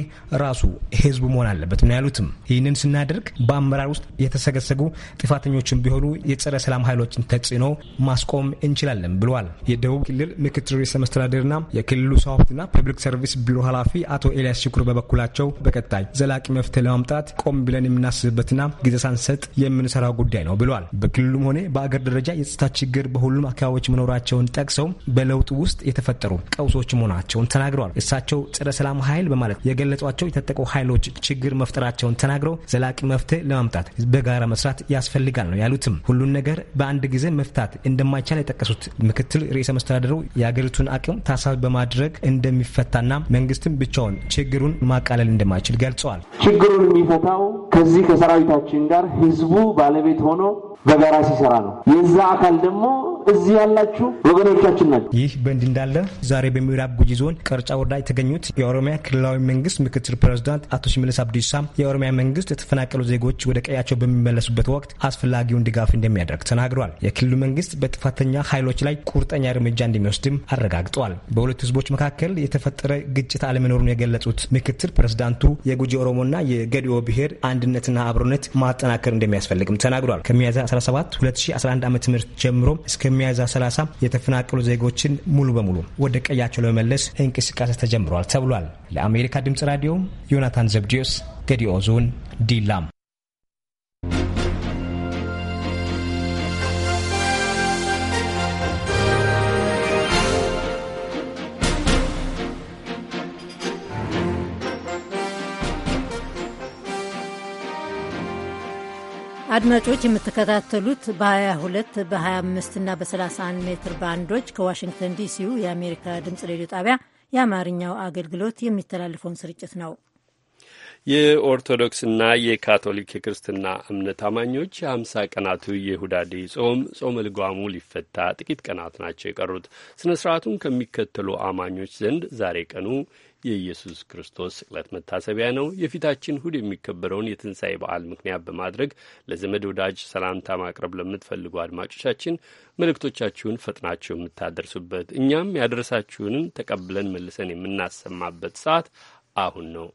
ራሱ ህዝቡ መሆን አለበት ነው ያሉትም። ይህንን ስናደርግ በአመራር ውስጥ የተሰገሰጉ ጥፋተኞችን ቢሆኑ የጸረ ሰላም ኃይሎችን ተጽዕኖ ማስቆም እንችላለን ብለዋል። የደቡብ ክልል ምክትል ርዕሰ መስተዳደርና የክልሉ ሰዋፍትና ፐብሊክ ሰርቪስ ቢሮ ኃላፊ አቶ ኤልያስ ሽኩር በበኩ በበኩላቸው በቀጣይ ዘላቂ መፍትሄ ለማምጣት ቆም ብለን የምናስብበትና ጊዜ ሳንሰጥ የምንሰራው ጉዳይ ነው ብለል። በክልሉም ሆነ በአገር ደረጃ የጸጥታ ችግር በሁሉም አካባቢዎች መኖራቸውን ጠቅሰው በለውጡ ውስጥ የተፈጠሩ ቀውሶች መሆናቸውን ተናግረዋል። እሳቸው ጸረ ሰላም ኃይል በማለት የገለጿቸው የታጠቁ ኃይሎች ችግር መፍጠራቸውን ተናግረው ዘላቂ መፍትሄ ለማምጣት በጋራ መስራት ያስፈልጋል ነው ያሉትም። ሁሉን ነገር በአንድ ጊዜ መፍታት እንደማይቻል የጠቀሱት ምክትል ርዕሰ መስተዳደሩ የአገሪቱን አቅም ታሳቢ በማድረግ እንደሚፈታና መንግስትም ብቻውን ችግሩን ማ ማቃለል እንደማይችል ገልጸዋል። ችግሩን የሚፈታው ከዚህ ከሰራዊታችን ጋር ህዝቡ ባለቤት ሆኖ በጋራ ሲሰራ ነው። የዛ አካል ደግሞ እዚህ ያላችሁ ወገኖቻችን ናቸው። ይህ በእንዲህ እንዳለ ዛሬ በምዕራብ ጉጂ ዞን ቀርጫ ወረዳ የተገኙት የኦሮሚያ ክልላዊ መንግስት ምክትል ፕሬዚዳንት አቶ ሽመልስ አብዲሳ የኦሮሚያ መንግስት የተፈናቀሉ ዜጎች ወደ ቀያቸው በሚመለሱበት ወቅት አስፈላጊውን ድጋፍ እንደሚያደርግ ተናግሯል። የክልሉ መንግስት በጥፋተኛ ኃይሎች ላይ ቁርጠኛ እርምጃ እንደሚወስድም አረጋግጧል። በሁለቱ ህዝቦች መካከል የተፈጠረ ግጭት አለመኖሩን የገለጹት ምክትል ፕሬዚዳንቱ የጉጂ ኦሮሞና የገዲኦ ብሔር አንድነትና አብሮነት ማጠናከር እንደሚያስፈልግም ተናግሯል። ከሚያዝያ 2017 2011 ዓ ም ጀምሮ እስከ 30 የተፈናቀሉ ዜጎችን ሙሉ በሙሉ ወደ ቀያቸው ለመመለስ እንቅስቃሴ ተጀምሯል ተብሏል። ለአሜሪካ ድምጽ ራዲዮ ዮናታን ዘብዲዮስ ገዲኦ ዞን ዲላም አድማጮች የምትከታተሉት በ22 በ25 እና በ31 ሜትር ባንዶች ከዋሽንግተን ዲሲው የአሜሪካ ድምፅ ሬዲዮ ጣቢያ የአማርኛው አገልግሎት የሚተላለፈውን ስርጭት ነው። የኦርቶዶክስና የካቶሊክ የክርስትና እምነት አማኞች የሀምሳ ቀናቱ የሁዳዴ ጾም ጾመ ልጓሙ ሊፈታ ጥቂት ቀናት ናቸው የቀሩት። ስነ ስርዓቱን ከሚከተሉ አማኞች ዘንድ ዛሬ ቀኑ የኢየሱስ ክርስቶስ ስቅለት መታሰቢያ ነው። የፊታችን እሁድ የሚከበረውን የትንሣኤ በዓል ምክንያት በማድረግ ለዘመድ ወዳጅ ሰላምታ ማቅረብ ለምትፈልጉ አድማጮቻችን መልእክቶቻችሁን ፈጥናችሁ የምታደርሱበት እኛም ያደረሳችሁንን ተቀብለን መልሰን የምናሰማበት ሰዓት አሁን ነው።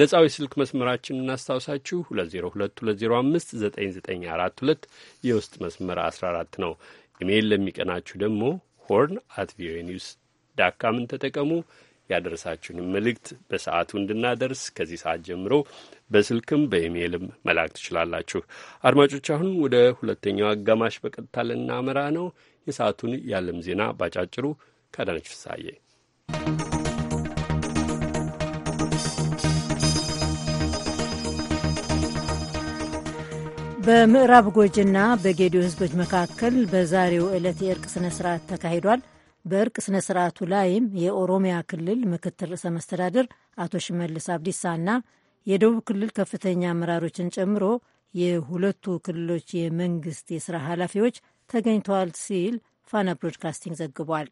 ነጻው የስልክ መስመራችን እናስታውሳችሁ 2022059942 የውስጥ መስመር 14 ነው። ኢሜይል ለሚቀናችሁ ደግሞ ሆርን አት ቪኦኤ ኒውስ ዳካምን ተጠቀሙ። ያደረሳችሁን መልእክት በሰዓቱ እንድናደርስ ከዚህ ሰዓት ጀምሮ በስልክም በኢሜይልም መላክ ትችላላችሁ። አድማጮች አሁን ወደ ሁለተኛው አጋማሽ በቀጥታ ልናመራ ነው። የሰዓቱን የዓለም ዜና ባጫጭሩ ከአዳነች ፍሳዬ በምዕራብ ጎጅና በጌዲዮ ህዝቦች መካከል በዛሬው ዕለት የእርቅ ስነ ስርዓት ተካሂዷል። በእርቅ ስነ ስርዓቱ ላይም የኦሮሚያ ክልል ምክትል ርዕሰ መስተዳድር አቶ ሽመልስ አብዲሳና የደቡብ ክልል ከፍተኛ አመራሮችን ጨምሮ የሁለቱ ክልሎች የመንግስት የስራ ኃላፊዎች ተገኝተዋል ሲል ፋና ብሮድካስቲንግ ዘግቧል።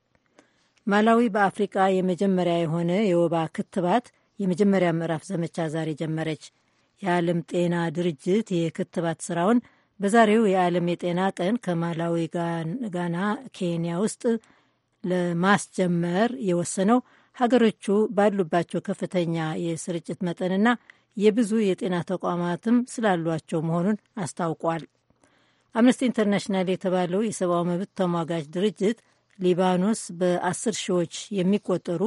ማላዊ በአፍሪቃ የመጀመሪያ የሆነ የወባ ክትባት የመጀመሪያ ምዕራፍ ዘመቻ ዛሬ ጀመረች። የዓለም ጤና ድርጅት የክትባት ስራውን በዛሬው የዓለም የጤና ቀን ከማላዊ፣ ጋና፣ ኬንያ ውስጥ ለማስጀመር የወሰነው ሀገሮቹ ባሉባቸው ከፍተኛ የስርጭት መጠንና የብዙ የጤና ተቋማትም ስላሏቸው መሆኑን አስታውቋል። አምነስቲ ኢንተርናሽናል የተባለው የሰብአዊ መብት ተሟጋጅ ድርጅት ሊባኖስ በአስር ሺዎች የሚቆጠሩ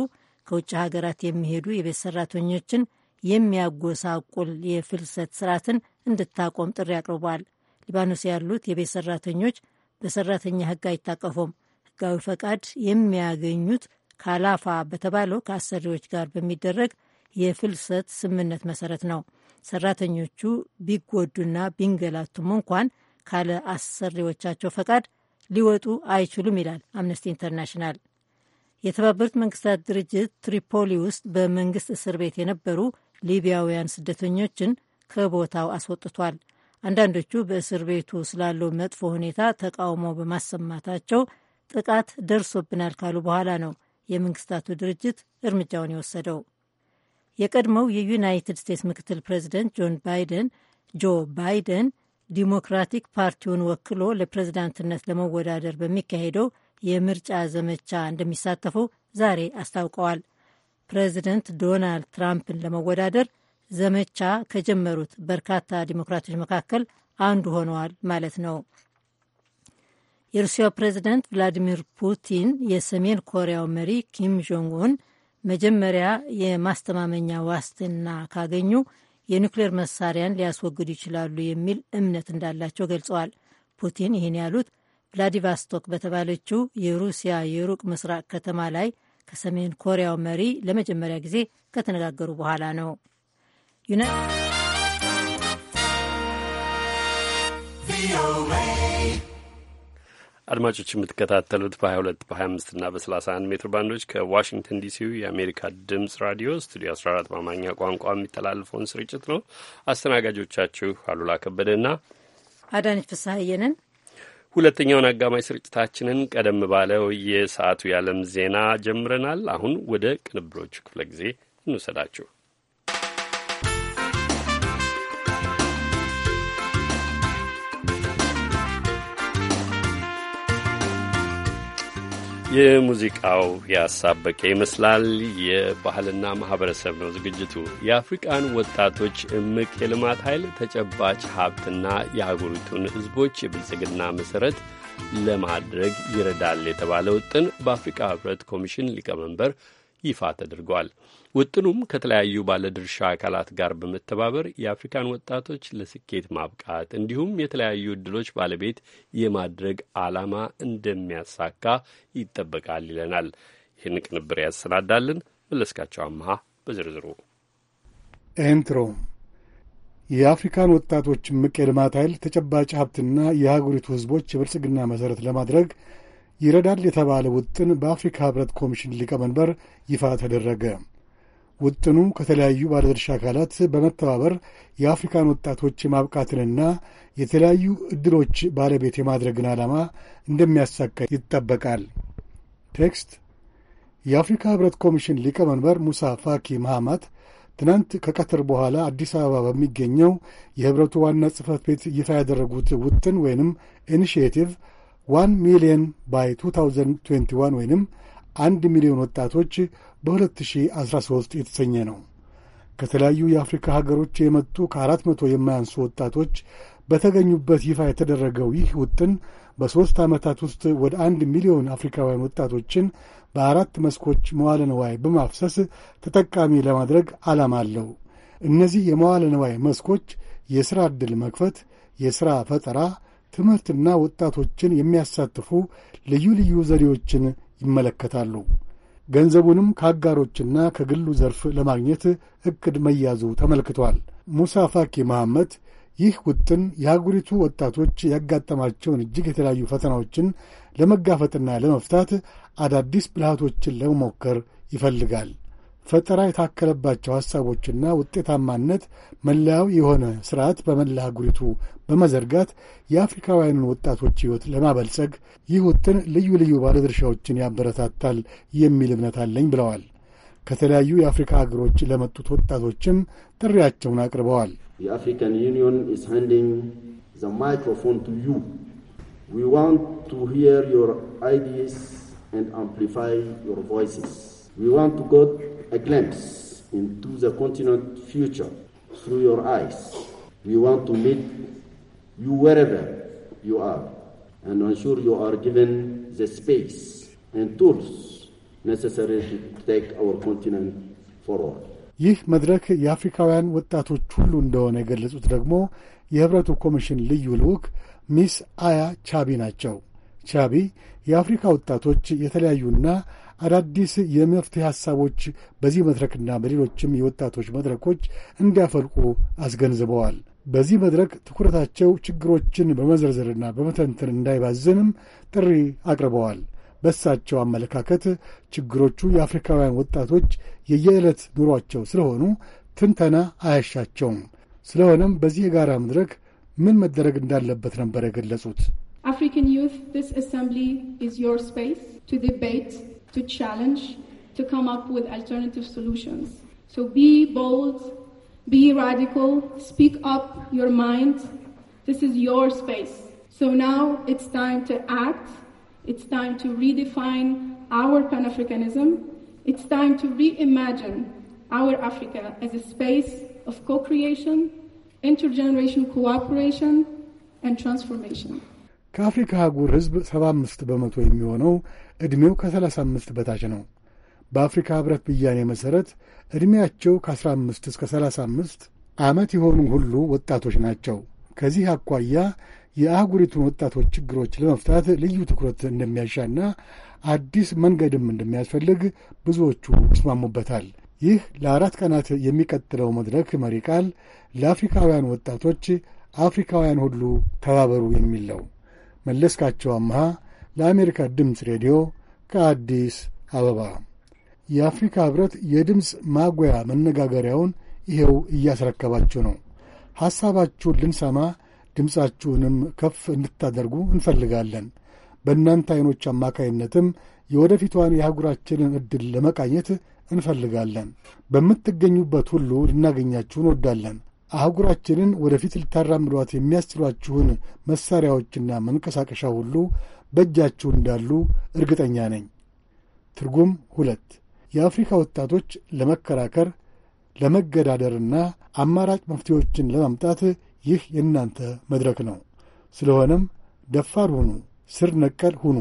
ከውጭ ሀገራት የሚሄዱ የቤት ሰራተኞችን የሚያጎሳቁል የፍልሰት ስርዓትን እንድታቆም ጥሪ አቅርቧል። ሊባኖስ ያሉት የቤት ሰራተኞች በሰራተኛ ሕግ አይታቀፉም። ህጋዊ ፈቃድ የሚያገኙት ካላፋ በተባለው ከአሰሪዎች ጋር በሚደረግ የፍልሰት ስምምነት መሰረት ነው። ሰራተኞቹ ቢጎዱና ቢንገላቱም እንኳን ካለ አሰሪዎቻቸው ፈቃድ ሊወጡ አይችሉም ይላል አምነስቲ ኢንተርናሽናል። የተባበሩት መንግስታት ድርጅት ትሪፖሊ ውስጥ በመንግስት እስር ቤት የነበሩ ሊቢያውያን ስደተኞችን ከቦታው አስወጥቷል። አንዳንዶቹ በእስር ቤቱ ስላለው መጥፎ ሁኔታ ተቃውሞ በማሰማታቸው ጥቃት ደርሶብናል ካሉ በኋላ ነው የመንግስታቱ ድርጅት እርምጃውን የወሰደው። የቀድሞው የዩናይትድ ስቴትስ ምክትል ፕሬዚደንት ጆን ባይደን ጆ ባይደን ዲሞክራቲክ ፓርቲውን ወክሎ ለፕሬዝዳንትነት ለመወዳደር በሚካሄደው የምርጫ ዘመቻ እንደሚሳተፉ ዛሬ አስታውቀዋል። ፕሬዚደንት ዶናልድ ትራምፕን ለመወዳደር ዘመቻ ከጀመሩት በርካታ ዲሞክራቶች መካከል አንዱ ሆነዋል ማለት ነው። የሩሲያው ፕሬዚዳንት ቭላዲሚር ፑቲን የሰሜን ኮሪያው መሪ ኪም ጆንግ ኡን መጀመሪያ የማስተማመኛ ዋስትና ካገኙ የኒውክሌር መሳሪያን ሊያስወግዱ ይችላሉ የሚል እምነት እንዳላቸው ገልጸዋል። ፑቲን ይህን ያሉት ቭላዲቫስቶክ በተባለችው የሩሲያ የሩቅ ምስራቅ ከተማ ላይ ከሰሜን ኮሪያው መሪ ለመጀመሪያ ጊዜ ከተነጋገሩ በኋላ ነው። ዩናይትድ አድማጮች የምትከታተሉት በ22 በ25 እና በ31 ሜትር ባንዶች ከዋሽንግተን ዲሲው የአሜሪካ ድምፅ ራዲዮ ስቱዲዮ 14 በአማርኛ ቋንቋ የሚተላለፈውን ስርጭት ነው። አስተናጋጆቻችሁ አሉላ ከበደና አዳነች ፍስሐዬ ሁለተኛውን አጋማሽ ስርጭታችንን ቀደም ባለው የሰዓቱ የዓለም ዜና ጀምረናል። አሁን ወደ ቅንብሮቹ ክፍለ ጊዜ እንውሰዳችሁ። የሙዚቃው ያሳበቀ ይመስላል። የባህልና ማህበረሰብ ነው ዝግጅቱ። የአፍሪቃን ወጣቶች እምቅ የልማት ኃይል ተጨባጭ ሀብትና የአህጉሪቱን ሕዝቦች የብልጽግና መሠረት ለማድረግ ይረዳል የተባለ ውጥን በአፍሪካ ህብረት ኮሚሽን ሊቀመንበር ይፋ ተደርጓል። ውጥኑም ከተለያዩ ባለድርሻ አካላት ጋር በመተባበር የአፍሪካን ወጣቶች ለስኬት ማብቃት እንዲሁም የተለያዩ እድሎች ባለቤት የማድረግ ዓላማ እንደሚያሳካ ይጠበቃል ይለናል። ይህን ቅንብር ያሰናዳልን መለስካቸው አመሃ በዝርዝሩ ኤንትሮ የአፍሪካን ወጣቶች ምቅ የልማት ኃይል ተጨባጭ ሀብትና የሀገሪቱ ህዝቦች የብልጽግና መሠረት ለማድረግ ይረዳል የተባለ ውጥን በአፍሪካ ህብረት ኮሚሽን ሊቀመንበር ይፋ ተደረገ። ውጥኑ ከተለያዩ ባለድርሻ አካላት በመተባበር የአፍሪካን ወጣቶች የማብቃትንና የተለያዩ ዕድሎች ባለቤት የማድረግን ዓላማ እንደሚያሳካ ይጠበቃል። ቴክስት የአፍሪካ ህብረት ኮሚሽን ሊቀመንበር ሙሳ ፋኪ መሐማት ትናንት ከቀትር በኋላ አዲስ አበባ በሚገኘው የህብረቱ ዋና ጽህፈት ቤት ይፋ ያደረጉት ውጥን ወይንም ኢኒሽቲቭ ዋን ሚሊየን ባይ 2021 ወይንም አንድ ሚሊዮን ወጣቶች በ2013 የተሰኘ ነው። ከተለያዩ የአፍሪካ ሀገሮች የመጡ ከአራት መቶ የማያንሱ ወጣቶች በተገኙበት ይፋ የተደረገው ይህ ውጥን በሦስት ዓመታት ውስጥ ወደ አንድ ሚሊዮን አፍሪካውያን ወጣቶችን በአራት መስኮች መዋለ ነዋይ በማፍሰስ ተጠቃሚ ለማድረግ ዓላማ አለው። እነዚህ የመዋለ ነዋይ መስኮች የሥራ ዕድል መክፈት፣ የሥራ ፈጠራ፣ ትምህርትና ወጣቶችን የሚያሳትፉ ልዩ ልዩ ዘዴዎችን ይመለከታሉ። ገንዘቡንም ከአጋሮችና ከግሉ ዘርፍ ለማግኘት እቅድ መያዙ ተመልክቷል። ሙሳ ፋኪ መሐመድ ይህ ውጥን የአህጉሪቱ ወጣቶች ያጋጠማቸውን እጅግ የተለያዩ ፈተናዎችን ለመጋፈጥና ለመፍታት አዳዲስ ብልሃቶችን ለመሞከር ይፈልጋል። ፈጠራ የታከለባቸው ሐሳቦችና ውጤታማነት መለያው የሆነ ሥርዓት በመላ አህጉሪቱ በመዘርጋት የአፍሪካውያኑን ወጣቶች ሕይወት ለማበልጸግ ይህ ውጥን ልዩ ልዩ ባለድርሻዎችን ያበረታታል የሚል እምነት አለኝ ብለዋል። ከተለያዩ የአፍሪካ አገሮች ለመጡት ወጣቶችም ጥሪያቸውን አቅርበዋል። የአፍሪካን ዩኒዮን ኢዝ ሃንዲንግ ዘ ማይክሮፎን ቱ ዩ ዊ ዋንት ቱ ሂር ዮር ኤንድ አምፕሊፋይ ዮር ቮይስስ ዊ ዋንት ቱ ጎት a glimpse into the continent future through your eyes. We want to meet you wherever you are and ensure you are given the space and tools necessary to take our continent forward. ይህ መድረክ የአፍሪካውያን ወጣቶች ሁሉ እንደሆነ የገለጹት ደግሞ የህብረቱ ኮሚሽን ልዩ ልዑክ ሚስ አያ ቻቢ ናቸው። ቻቢ የአፍሪካ ወጣቶች የተለያዩና አዳዲስ የመፍትሄ ሐሳቦች በዚህ መድረክና በሌሎችም የወጣቶች መድረኮች እንዲያፈልቁ አስገንዝበዋል። በዚህ መድረክ ትኩረታቸው ችግሮችን በመዘርዘርና በመተንተን እንዳይባዝንም ጥሪ አቅርበዋል። በእሳቸው አመለካከት ችግሮቹ የአፍሪካውያን ወጣቶች የየዕለት ኑሯቸው ስለሆኑ ትንተና አያሻቸውም። ስለሆነም በዚህ የጋራ መድረክ ምን መደረግ እንዳለበት ነበር የገለጹት። African to challenge, to come up with alternative solutions. So be bold, be radical, speak up your mind. This is your space. So now it's time to act. It's time to redefine our Pan Africanism. It's time to reimagine our Africa as a space of co creation, intergenerational cooperation, and transformation. ከአፍሪካ አህጉር ህዝብ 75 በመቶ የሚሆነው ዕድሜው ከ35 በታች ነው። በአፍሪካ ኅብረት ብያኔ መሠረት ዕድሜያቸው ከ15 እስከ 35 ዓመት የሆኑ ሁሉ ወጣቶች ናቸው። ከዚህ አኳያ የአህጉሪቱን ወጣቶች ችግሮች ለመፍታት ልዩ ትኩረት እንደሚያሻና አዲስ መንገድም እንደሚያስፈልግ ብዙዎቹ ይስማሙበታል። ይህ ለአራት ቀናት የሚቀጥለው መድረክ መሪ ቃል ለአፍሪካውያን ወጣቶች አፍሪካውያን ሁሉ ተባበሩ የሚል ነው። መለስካቸው አምሃ ለአሜሪካ ድምፅ ሬዲዮ ከአዲስ አበባ የአፍሪካ ህብረት የድምፅ ማጉያ መነጋገሪያውን ይኸው እያስረከባችሁ ነው። ሐሳባችሁን ልንሰማ ድምፃችሁንም ከፍ እንድታደርጉ እንፈልጋለን። በእናንተ ዐይኖች አማካይነትም የወደፊቷን የአህጉራችንን ዕድል ለመቃኘት እንፈልጋለን። በምትገኙበት ሁሉ ልናገኛችሁ እንወዳለን። አህጉራችንን ወደፊት ልታራምዷት የሚያስችሏችሁን መሣሪያዎችና መንቀሳቀሻ ሁሉ በእጃችሁ እንዳሉ እርግጠኛ ነኝ። ትርጉም ሁለት የአፍሪካ ወጣቶች ለመከራከር ለመገዳደርና አማራጭ መፍትሄዎችን ለማምጣት ይህ የእናንተ መድረክ ነው። ስለሆነም ደፋር ሁኑ፣ ስር ነቀል ሁኑ፣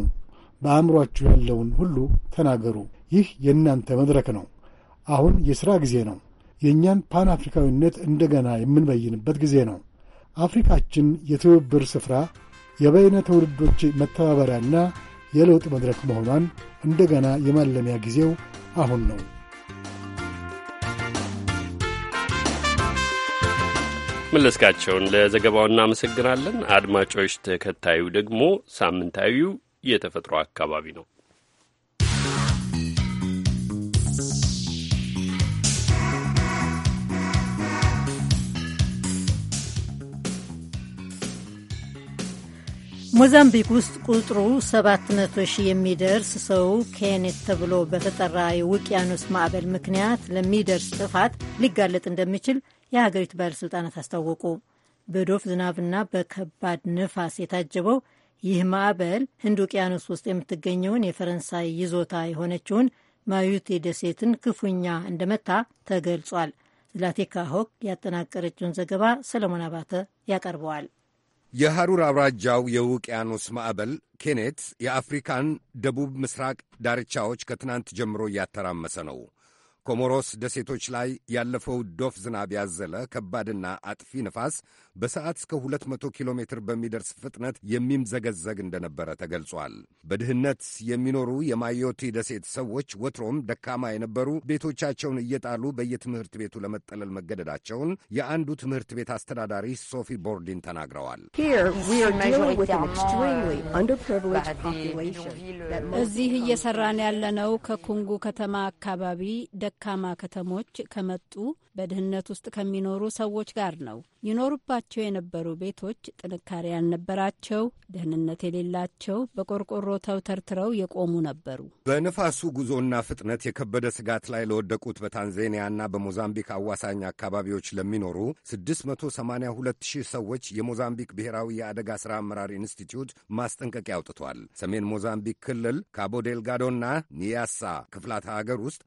በአእምሯችሁ ያለውን ሁሉ ተናገሩ። ይህ የእናንተ መድረክ ነው። አሁን የሥራ ጊዜ ነው። የእኛን ፓን አፍሪካዊነት እንደገና የምንበይንበት ጊዜ ነው። አፍሪካችን የትብብር ስፍራ የበይነ ትውልዶች መተባበሪያና የለውጥ መድረክ መሆኗን እንደገና የማለሚያ ጊዜው አሁን ነው። መለስካቸውን ለዘገባው እናመሰግናለን። አድማጮች፣ ተከታዩ ደግሞ ሳምንታዊው የተፈጥሮ አካባቢ ነው። ሞዛምቢክ ውስጥ ቁጥሩ 700 ሺህ የሚደርስ ሰው ኬኔት ተብሎ በተጠራ የውቅያኖስ ማዕበል ምክንያት ለሚደርስ ጥፋት ሊጋለጥ እንደሚችል የሀገሪቱ ባለሥልጣናት አስታወቁ። በዶፍ ዝናብና በከባድ ንፋስ የታጀበው ይህ ማዕበል ህንድ ውቅያኖስ ውስጥ የምትገኘውን የፈረንሳይ ይዞታ የሆነችውን ማዩቴ ደሴትን ክፉኛ እንደመታ ተገልጿል። ዝላቲካ ሆክ ያጠናቀረችውን ዘገባ ሰለሞን አባተ ያቀርበዋል። የሐሩር አውራጃው የውቅያኖስ ማዕበል ኬኔት የአፍሪካን ደቡብ ምስራቅ ዳርቻዎች ከትናንት ጀምሮ እያተራመሰ ነው። ኮሞሮስ ደሴቶች ላይ ያለፈው ዶፍ ዝናብ ያዘለ ከባድና አጥፊ ንፋስ በሰዓት እስከ 200 ኪሎ ሜትር በሚደርስ ፍጥነት የሚምዘገዘግ እንደነበረ ተገልጿል። በድህነት የሚኖሩ የማዮቲ ደሴት ሰዎች ወትሮም ደካማ የነበሩ ቤቶቻቸውን እየጣሉ በየትምህርት ቤቱ ለመጠለል መገደዳቸውን የአንዱ ትምህርት ቤት አስተዳዳሪ ሶፊ ቦርዲን ተናግረዋል። እዚህ እየሰራን ያለነው ከኩንጉ ከተማ አካባቢ ደካማ ከተሞች ከመጡ በድህነት ውስጥ ከሚኖሩ ሰዎች ጋር ነው። ይኖሩባቸው የነበሩ ቤቶች ጥንካሬ ያልነበራቸው፣ ደህንነት የሌላቸው፣ በቆርቆሮ ተውተርትረው የቆሙ ነበሩ። በነፋሱ ጉዞና ፍጥነት የከበደ ስጋት ላይ ለወደቁት በታንዛኒያና በሞዛምቢክ አዋሳኝ አካባቢዎች ለሚኖሩ 682000 ሰዎች የሞዛምቢክ ብሔራዊ የአደጋ ሥራ አመራር ኢንስቲትዩት ማስጠንቀቂያ አውጥቷል። ሰሜን ሞዛምቢክ ክልል ካቦ ዴልጋዶና ኒያሳ ክፍላተ ሀገር ውስጥ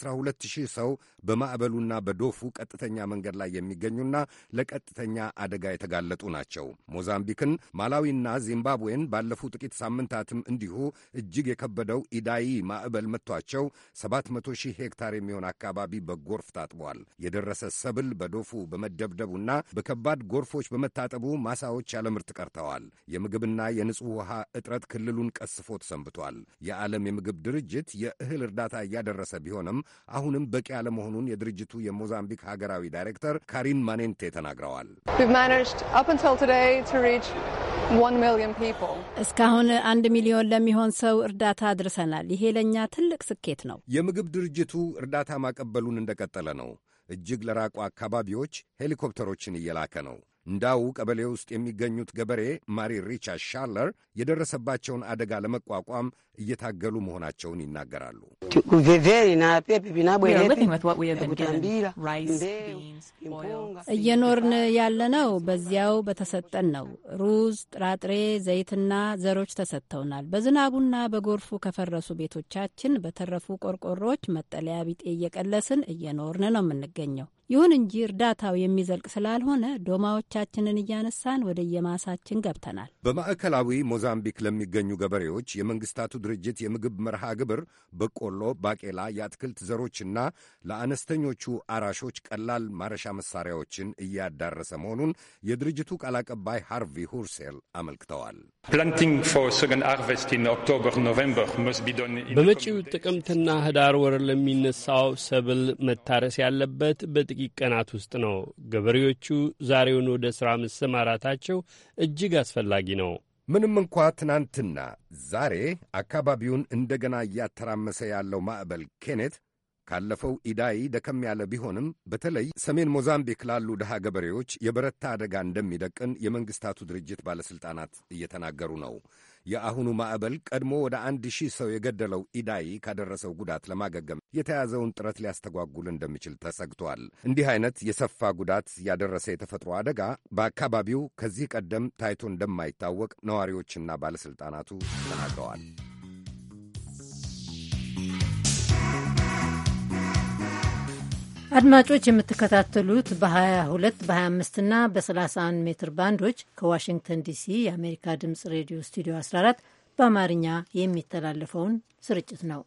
12 ሺህ ሰው በማዕበሉና በዶፉ ቀጥተኛ መንገድ ላይ የሚገኙና ለቀጥተኛ አደጋ የተጋለጡ ናቸው። ሞዛምቢክን፣ ማላዊና ዚምባብዌን ባለፉ ጥቂት ሳምንታትም እንዲሁ እጅግ የከበደው ኢዳይ ማዕበል መጥቷቸው 700 ሺህ ሄክታር የሚሆን አካባቢ በጎርፍ ታጥቧል። የደረሰ ሰብል በዶፉ በመደብደቡና በከባድ ጎርፎች በመታጠቡ ማሳዎች ያለምርት ቀርተዋል። የምግብና የንጹሕ ውሃ እጥረት ክልሉን ቀስፎ ተሰንብቷል። የዓለም የምግብ ድርጅት የእህል እርዳታ እያደረሰ ቢሆንም አሁንም በቂ አለመሆኑን የድርጅቱ የሞዛምቢክ ሀገራዊ ዳይሬክተር ካሪን ማኔንቴ ተናግረዋል። እስካሁን አንድ ሚሊዮን ለሚሆን ሰው እርዳታ አድርሰናል። ይሄ ለእኛ ትልቅ ስኬት ነው። የምግብ ድርጅቱ እርዳታ ማቀበሉን እንደቀጠለ ነው። እጅግ ለራቁ አካባቢዎች ሄሊኮፕተሮችን እየላከ ነው። እንዳው ቀበሌ ውስጥ የሚገኙት ገበሬ ማሪ ሪቻ ሻለር የደረሰባቸውን አደጋ ለመቋቋም እየታገሉ መሆናቸውን ይናገራሉ። እየኖርን ያለነው በዚያው በተሰጠን ነው። ሩዝ፣ ጥራጥሬ፣ ዘይትና ዘሮች ተሰጥተውናል። በዝናቡና በጎርፉ ከፈረሱ ቤቶቻችን በተረፉ ቆርቆሮዎች መጠለያ ቢጤ እየቀለስን እየኖርን ነው የምንገኘው። ይሁን እንጂ እርዳታው የሚዘልቅ ስላልሆነ ዶማዎቻችንን እያነሳን ወደ የማሳችን ገብተናል። በማዕከላዊ ሞዛምቢክ ለሚገኙ ገበሬዎች የመንግስታቱ ድርጅት የምግብ መርሃ ግብር በቆሎ፣ ባቄላ፣ የአትክልት ዘሮችና ለአነስተኞቹ አራሾች ቀላል ማረሻ መሳሪያዎችን እያዳረሰ መሆኑን የድርጅቱ ቃል አቀባይ ሃርቪ ሁርሴል አመልክተዋል። በመጪው ጥቅምትና ህዳር ወር ለሚነሳው ሰብል መታረስ ያለበት በጥቂት በጥቂት ቀናት ውስጥ ነው። ገበሬዎቹ ዛሬውን ወደ ሥራ መሰማራታቸው እጅግ አስፈላጊ ነው። ምንም እንኳ ትናንትና ዛሬ አካባቢውን እንደገና እያተራመሰ ያለው ማዕበል ኬኔት ካለፈው ኢዳይ ደከም ያለ ቢሆንም በተለይ ሰሜን ሞዛምቢክ ላሉ ድሃ ገበሬዎች የበረታ አደጋ እንደሚደቅን የመንግሥታቱ ድርጅት ባለሥልጣናት እየተናገሩ ነው። የአሁኑ ማዕበል ቀድሞ ወደ አንድ ሺህ ሰው የገደለው ኢዳይ ካደረሰው ጉዳት ለማገገም የተያዘውን ጥረት ሊያስተጓጉል እንደሚችል ተሰግቷል። እንዲህ አይነት የሰፋ ጉዳት ያደረሰ የተፈጥሮ አደጋ በአካባቢው ከዚህ ቀደም ታይቶ እንደማይታወቅ ነዋሪዎችና ባለሥልጣናቱ ተናግረዋል። አድማጮች የምትከታተሉት በ22 በ25 እና በ31 ሜትር ባንዶች ከዋሽንግተን ዲሲ የአሜሪካ ድምፅ ሬዲዮ ስቱዲዮ 14 በአማርኛ የሚተላለፈውን ስርጭት ነው።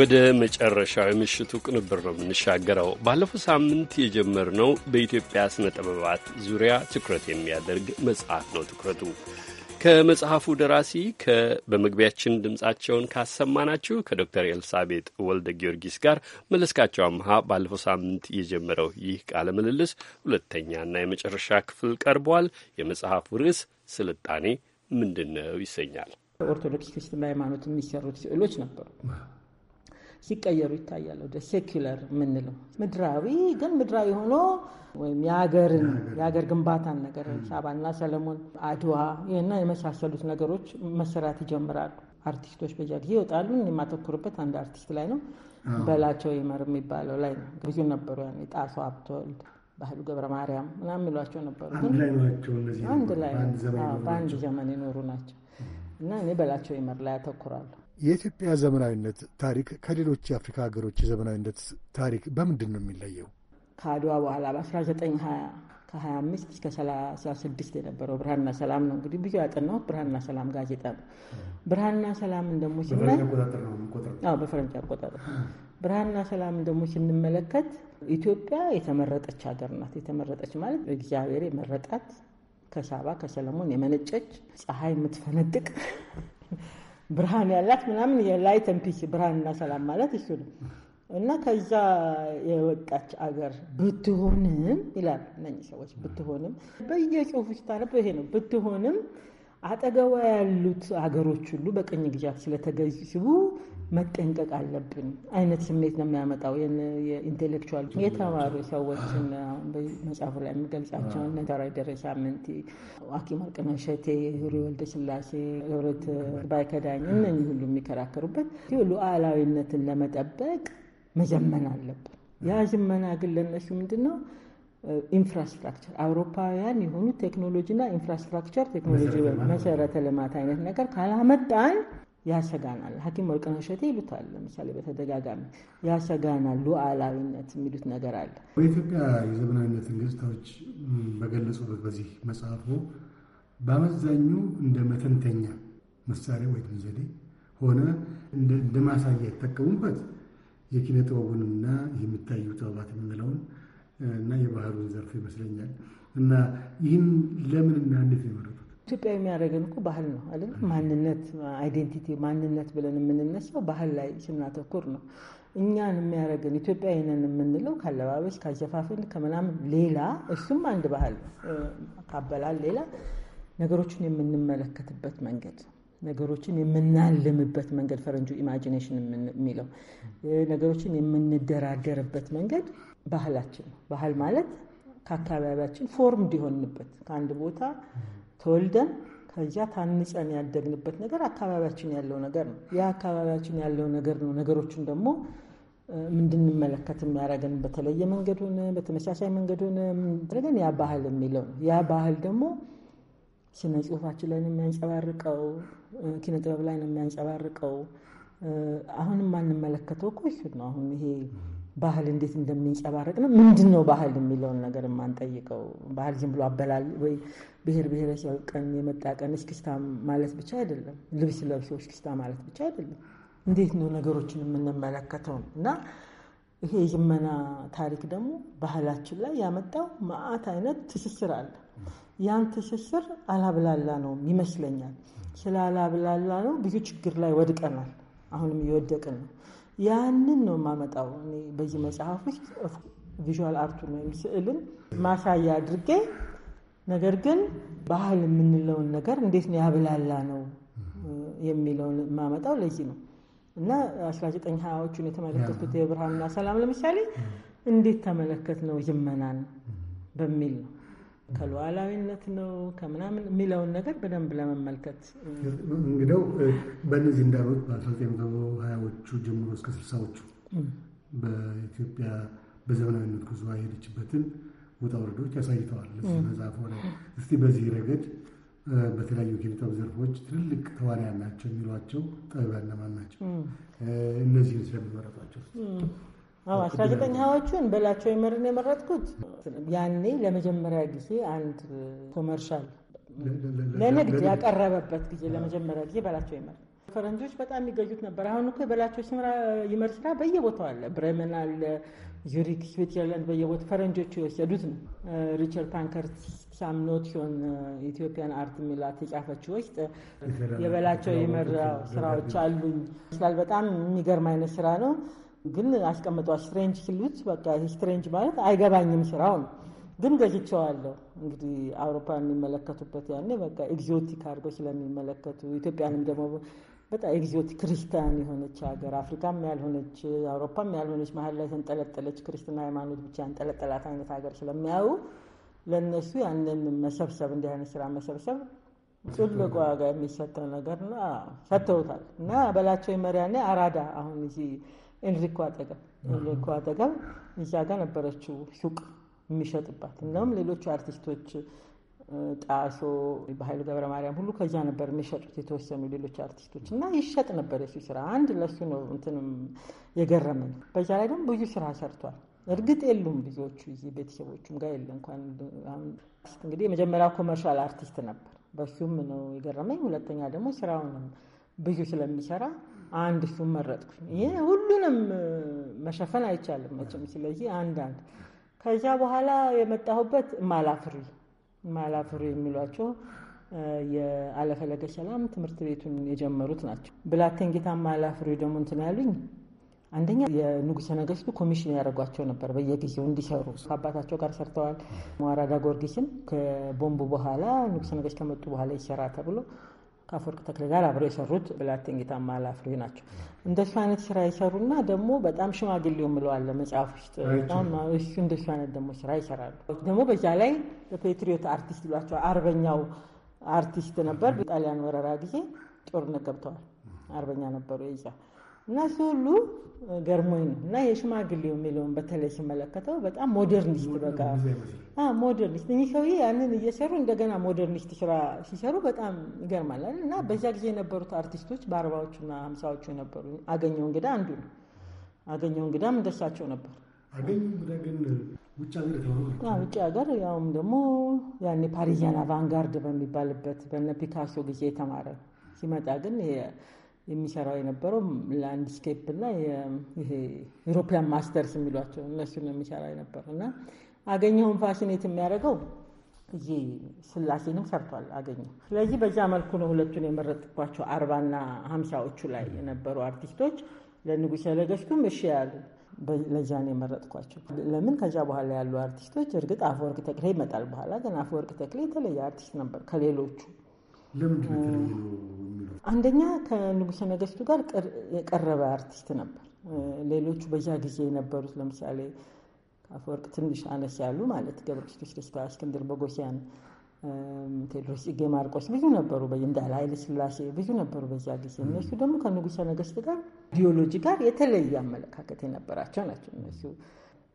ወደ መጨረሻው የምሽቱ ቅንብር ነው የምንሻገረው። ባለፈው ሳምንት የጀመርነው በኢትዮጵያ ስነ ጥበባት ዙሪያ ትኩረት የሚያደርግ መጽሐፍ ነው ትኩረቱ ከመጽሐፉ ደራሲ በመግቢያችን ድምጻቸውን ካሰማናችሁ ከዶክተር ኤልሳቤጥ ወልደ ጊዮርጊስ ጋር መለስካቸው አምሀ ባለፈው ሳምንት የጀመረው ይህ ቃለ ምልልስ ሁለተኛና የመጨረሻ ክፍል ቀርቧል። የመጽሐፉ ርዕስ ስልጣኔ ምንድን ነው ይሰኛል። ኦርቶዶክስ ክርስትና ሃይማኖት የሚሰሩት ስዕሎች ነበሩ። ሲቀየሩ ይታያል። ወደ ሴኪለር የምንለው ምድራዊ ግን ምድራዊ ሆኖ ወይም የሀገርን የሀገር ግንባታን ነገር ሳባና ሰለሞን፣ አድዋ ይህና የመሳሰሉት ነገሮች መሰራት ይጀምራሉ። አርቲስቶች በዚያ ጊዜ ይወጣሉ። የማተኩርበት አንድ አርቲስት ላይ ነው፣ በላቸው ይመር የሚባለው ላይ ነው። ብዙ ነበሩ ያ ጣሶ ሀብተወልድ ባህሉ ገብረ ማርያም ምናምን የሚሏቸው ነበሩ። አንድ ላይ በአንድ ዘመን የኖሩ ናቸው እና እኔ በላቸው ይመር ላይ ያተኩራሉ። የኢትዮጵያ ዘመናዊነት ታሪክ ከሌሎች የአፍሪካ ሀገሮች የዘመናዊነት ታሪክ በምንድን ነው የሚለየው? ከአድዋ በኋላ በ1920 ከ25 እስከ 36 የነበረው ብርሃንና ሰላም ነው። እንግዲህ ብዙ ያጠናሁት ብርሃንና ሰላም ጋዜጣ ነው። ብርሃንና ሰላምን ደግሞ በፈረንጅ አቆጣጠር ብርሃንና ሰላምን ደግሞ ስንመለከት ኢትዮጵያ የተመረጠች ሀገር ናት። የተመረጠች ማለት እግዚአብሔር የመረጣት ከሳባ ከሰለሞን የመነጨች ፀሐይ የምትፈነጥቅ ብርሃን ያላት ምናምን የላይት ኤንድ ፒስ ብርሃንና ሰላም ማለት እሱ ነው። እና ከዛ የወጣች አገር ብትሆንም ይላል እነኝህ ሰዎች። ብትሆንም በየጽሁፉ ስታነብ ይሄ ነው። ብትሆንም አጠገቧ ያሉት አገሮች ሁሉ በቅኝ ግዛት ስለተገዙ መጠንቀቅ አለብን አይነት ስሜት ነው የሚያመጣው። የኢንቴሌክቹዋል የተማሩ ሰዎችን መጽሐፉ ላይ የሚገልጻቸውን ተራይ ደረሳ ምንቲ፣ አኪም ወርቅነህ እሸቴ፣ ህሪ ወልደ ስላሴ፣ ህብረት ባይከዳኝ እነኚህ ሁሉ የሚከራከሩበት ሁሉ አላዊነትን ለመጠበቅ መዘመን አለብን። ያ ዘመና ግን ለነሱ ምንድን ነው? ኢንፍራስትራክቸር አውሮፓውያን የሆኑ ቴክኖሎጂና ኢንፍራስትራክቸር ቴክኖሎጂ መሰረተ ልማት አይነት ነገር ካላመጣን ያሰጋናል። ሐኪም ወርቅነህ እሸቴ ይሉታል። ለምሳሌ በተደጋጋሚ ያሰጋናል፣ ሉዓላዊነት የሚሉት ነገር አለ። በኢትዮጵያ የዘመናዊነትን ገጽታዎች በገለጹበት በዚህ መጽሐፉ በአመዛኙ እንደ መተንተኛ መሳሪያ ወይም ዘዴ ሆነ እንደ ማሳያ የተጠቀሙበት የኪነ ጥበቡንና የሚታዩ ጥበባት የምንለውን እና የባህሉን ዘርፍ ይመስለኛል እና ይህን ለምንና እንዴት ነው የመረጡት? ኢትዮጵያ የሚያደርገን እኮ ባህል ነው አለ ማንነት አይዴንቲቲ፣ ማንነት ብለን የምንነሳው ባህል ላይ ስናተኩር ነው። እኛን የሚያደርገን ኢትዮጵያዊ ነን የምንለው ከአለባበስ ከአሸፋፈን ከምናምን ሌላ፣ እሱም አንድ ባህል ካበላል ሌላ ነገሮችን የምንመለከትበት መንገድ ነገሮችን የምናልምበት መንገድ ፈረንጁ ኢማጂኔሽን የሚለው ነገሮችን የምንደራደርበት መንገድ ባህላችን ነው። ባህል ማለት ከአካባቢያችን ፎርም እንዲሆንበት ከአንድ ቦታ ተወልደን ከዚያ ታንጸን ያደግንበት ነገር አካባቢያችን ያለው ነገር ነው። ያ አካባቢያችን ያለው ነገር ነው። ነገሮችን ደግሞ እንድንመለከት የሚያደርገን በተለየ መንገድ ሆነ በተመሳሳይ መንገድ ሆነ ምንድረገን ያ ባህል የሚለው ነው። ያ ባህል ደግሞ ስነ ጽሁፋችን ላይ ነው የሚያንጸባርቀው፣ ኪነ ጥበብ ላይ ነው የሚያንጸባርቀው። አሁን የማንመለከተው እኮ ነው። አሁን ይሄ ባህል እንዴት እንደሚንጸባረቅ ነው። ምንድን ነው ባህል የሚለውን ነገር የማንጠይቀው። ባህል ዝም ብሎ አበላል ወይ ብሔር ብሔረሰብ ቀን የመጣ ቀን እስክስታ ማለት ብቻ አይደለም። ልብስ ለብሶ እስክስታ ማለት ብቻ አይደለም። እንዴት ነው ነገሮችን የምንመለከተው እና ይሄ የዘመና ታሪክ ደግሞ ባህላችን ላይ ያመጣው ማአት አይነት ትስስር አለ። ያን ትስስር አላብላላ ነው ይመስለኛል። ስለ አላብላላ ነው ብዙ ችግር ላይ ወድቀናል። አሁንም እየወደቅን ነው። ያንን ነው የማመጣው እኔ መጽሐፍ ውስጥ ቪዥዋል አርቱን ወይም ስዕልን ማሳያ አድርጌ ነገር ግን ባህል የምንለውን ነገር እንዴት ነው ያብላላ ነው የሚለውን የማመጣው ለዚህ ነው እና 19 ሀያዎቹን የተመለከቱት የብርሃንና ሰላም ለምሳሌ እንዴት ተመለከት ነው ዝመናን በሚል ነው ከሉዓላዊነት ነው ከምናምን የሚለውን ነገር በደንብ ለመመልከት እንግዲው በእነዚህ እንዳሉት በ1920ዎቹ ጀምሮ እስከ ስልሳዎቹ በኢትዮጵያ በዘመናዊነት ጉዞ አሄደችበትን ውጣ ውረዶች ያሳይተዋል መጽሐፍ ላይ። እስቲ በዚህ ረገድ በተለያዩ ኪነጥበብ ዘርፎች ትልልቅ ተዋንያን ናቸው የሚሏቸው ጠበቢያን እነማን ናቸው? እነዚህን ስለሚመረጧቸው አስራ ዘጠኝ ሀያዎቹን በላቸው ይመርን የመረጥኩት ያኔ ለመጀመሪያ ጊዜ አንድ ኮመርሻል ለንግድ ያቀረበበት ጊዜ ለመጀመሪያ ጊዜ በላቸው ይመር ፈረንጆች በጣም ይገዙት ነበር። አሁን እኮ የበላቸው ይመር ስራ በየቦታው አለ። ብሬመን አለ፣ ዙሪክ፣ ስዊትዘርላንድ በየቦታ ፈረንጆቹ የወሰዱት ነው። ሪቸርድ ፓንከርት ሳምኖት ኢትዮጵያን አርት ሚላት የጻፈች ውስጥ የበላቸው ይመር ስራዎች አሉኝ ስላል በጣም የሚገርም አይነት ስራ ነው። ግን አስቀምጧል። ስትሬንጅ ስሉት በቃ ስትሬንጅ ማለት አይገባኝም ስራው ነው። ግን ገዝቼዋለሁ። እንግዲህ አውሮፓን የሚመለከቱበት ያኔ በቃ ኤግዞቲክ አድርገው ስለሚመለከቱ ኢትዮጵያንም ደግሞ በጣም ኤግዞቲክ ክርስቲያን የሆነች ሀገር አፍሪካም ያልሆነች አውሮፓም ያልሆነች መሀል ላይ ተንጠለጠለች ክርስትና ሃይማኖት ብቻ እንጠለጠላት አይነት ሀገር ስለሚያዩ ለእነሱ ያንን መሰብሰብ እንዲህ አይነት ስራ መሰብሰብ ጥልቅ ዋጋ የሚሰጠው ነገር ነው። ሰጥተውታል እና በላቸው መሪያኔ አራዳ አሁን እዚህ ኤንሪኮ አጠገብ ኤንሪኮ አጠገብ እዛ ጋር ነበረችው ሱቅ የሚሸጥባት። እንደውም ሌሎቹ አርቲስቶች ጣሶ፣ በኃይሉ ገብረ ማርያም ሁሉ ከዛ ነበር የሚሸጡት የተወሰኑ ሌሎች አርቲስቶች እና ይሸጥ ነበር የሱ ስራ። አንድ ለሱ ነው እንትንም የገረመኝ። በዛ ላይ ደግሞ ብዙ ስራ ሰርቷል። እርግጥ የሉም ብዙዎቹ እዚህ ቤተሰቦቹም ጋር የለ እንኳን እንግዲህ የመጀመሪያው ኮመርሻል አርቲስት ነበር። በሱም ነው የገረመኝ። ሁለተኛ ደግሞ ስራውንም ብዙ ስለሚሰራ አንድ እሱም መረጥኩኝ። ይህ ሁሉንም መሸፈን አይቻልም መቼም። ስለዚህ አንድ አንድ ከዛ በኋላ የመጣሁበት ማላፍሪ ማላፍሪ የሚሏቸው የአለፈለገ ሰላም ትምህርት ቤቱን የጀመሩት ናቸው። ብላቴን ጌታ ማላፍሪ ደግሞ እንትን ያሉኝ አንደኛ የንጉሠ ነገሥቱ ኮሚሽን ያደርጓቸው ነበር በየጊዜው እንዲሰሩ ከአባታቸው ጋር ሰርተዋል። አራዳ ጎርጊስን ከቦምቡ በኋላ ንጉሠ ነገሥት ከመጡ በኋላ ይሰራ ተብሎ ከአፈወርቅ ተክሌ ጋር አብረው የሰሩት ማላ ፍሬ ናቸው። እንደሱ አይነት ስራ ይሰሩና ደግሞ በጣም ሽማግሌው ምለዋለ መጽሐፍ ውስጥ እሱ እንደሱ አይነት ደግሞ ስራ ይሰራሉ። ደግሞ በዛ ላይ ፔትሪዮት አርቲስት ይሏቸዋል። አርበኛው አርቲስት ነበር። በጣሊያን ወረራ ጊዜ ጦርነት ገብተዋል። አርበኛ ነበሩ ይዛ እና እሱ ሁሉ ገርሞኝ ነው እና የሽማግሌው የሚለውን በተለይ ሲመለከተው በጣም ሞዴርኒስት በቃ ሞዴርኒስት እኚህ ሰውዬ ያንን እየሰሩ እንደገና ሞዴርኒስት ስራ ሲሰሩ በጣም ይገርማል እና በዛ ጊዜ የነበሩት አርቲስቶች በአርባዎቹና ሀምሳዎቹ ነበሩ። አገኘው እንግዳ አንዱ ነው። አገኘው እንግዳም እንደሳቸው ነበር። ውጭ ሀገር ያውም ደግሞ ያኔ ፓሪዚያን አቫንጋርድ በሚባልበት በነ ፒካሶ ጊዜ የተማረ ሲመጣ ግን የሚሰራው የነበረው ላንድስኬፕ እና ይሄ ዩሮፒያን ማስተርስ የሚሏቸው እነሱ ነው የሚሰራ የነበረው እና አገኘውን ፋሲኔት የሚያደርገው እዚህ ስላሴንም ሰርቷል አገኘው። ስለዚህ በዛ መልኩ ነው ሁለቱን የመረጥኳቸው አርባና ሀምሳዎቹ ላይ የነበሩ አርቲስቶች ለንጉሥ ያለገሽኩም እሺ ያሉ ለዛ ነው የመረጥኳቸው። ለምን ከዛ በኋላ ያሉ አርቲስቶች እርግጥ አፈወርቅ ተክሌ ይመጣል በኋላ፣ ግን አፈወርቅ ተክሌ የተለየ አርቲስት ነበር ከሌሎቹ አንደኛ ከንጉሰ ነገስቱ ጋር የቀረበ አርቲስት ነበር። ሌሎቹ በዛ ጊዜ የነበሩት ለምሳሌ አፈወርቅ ትንሽ አነስ ያሉ ማለት ገብረ ክርስቶስ ደስታ፣ እስክንድር በጎሲያን ቴዎድሮስ ጽጌ ማርቆስ ብዙ ነበሩ። እንዳለ ኃይለ ስላሴ ብዙ ነበሩ በዛ ጊዜ። እነሱ ደግሞ ከንጉሰ ነገስት ጋር ዲዮሎጂ ጋር የተለየ አመለካከት የነበራቸው ናቸው እነሱ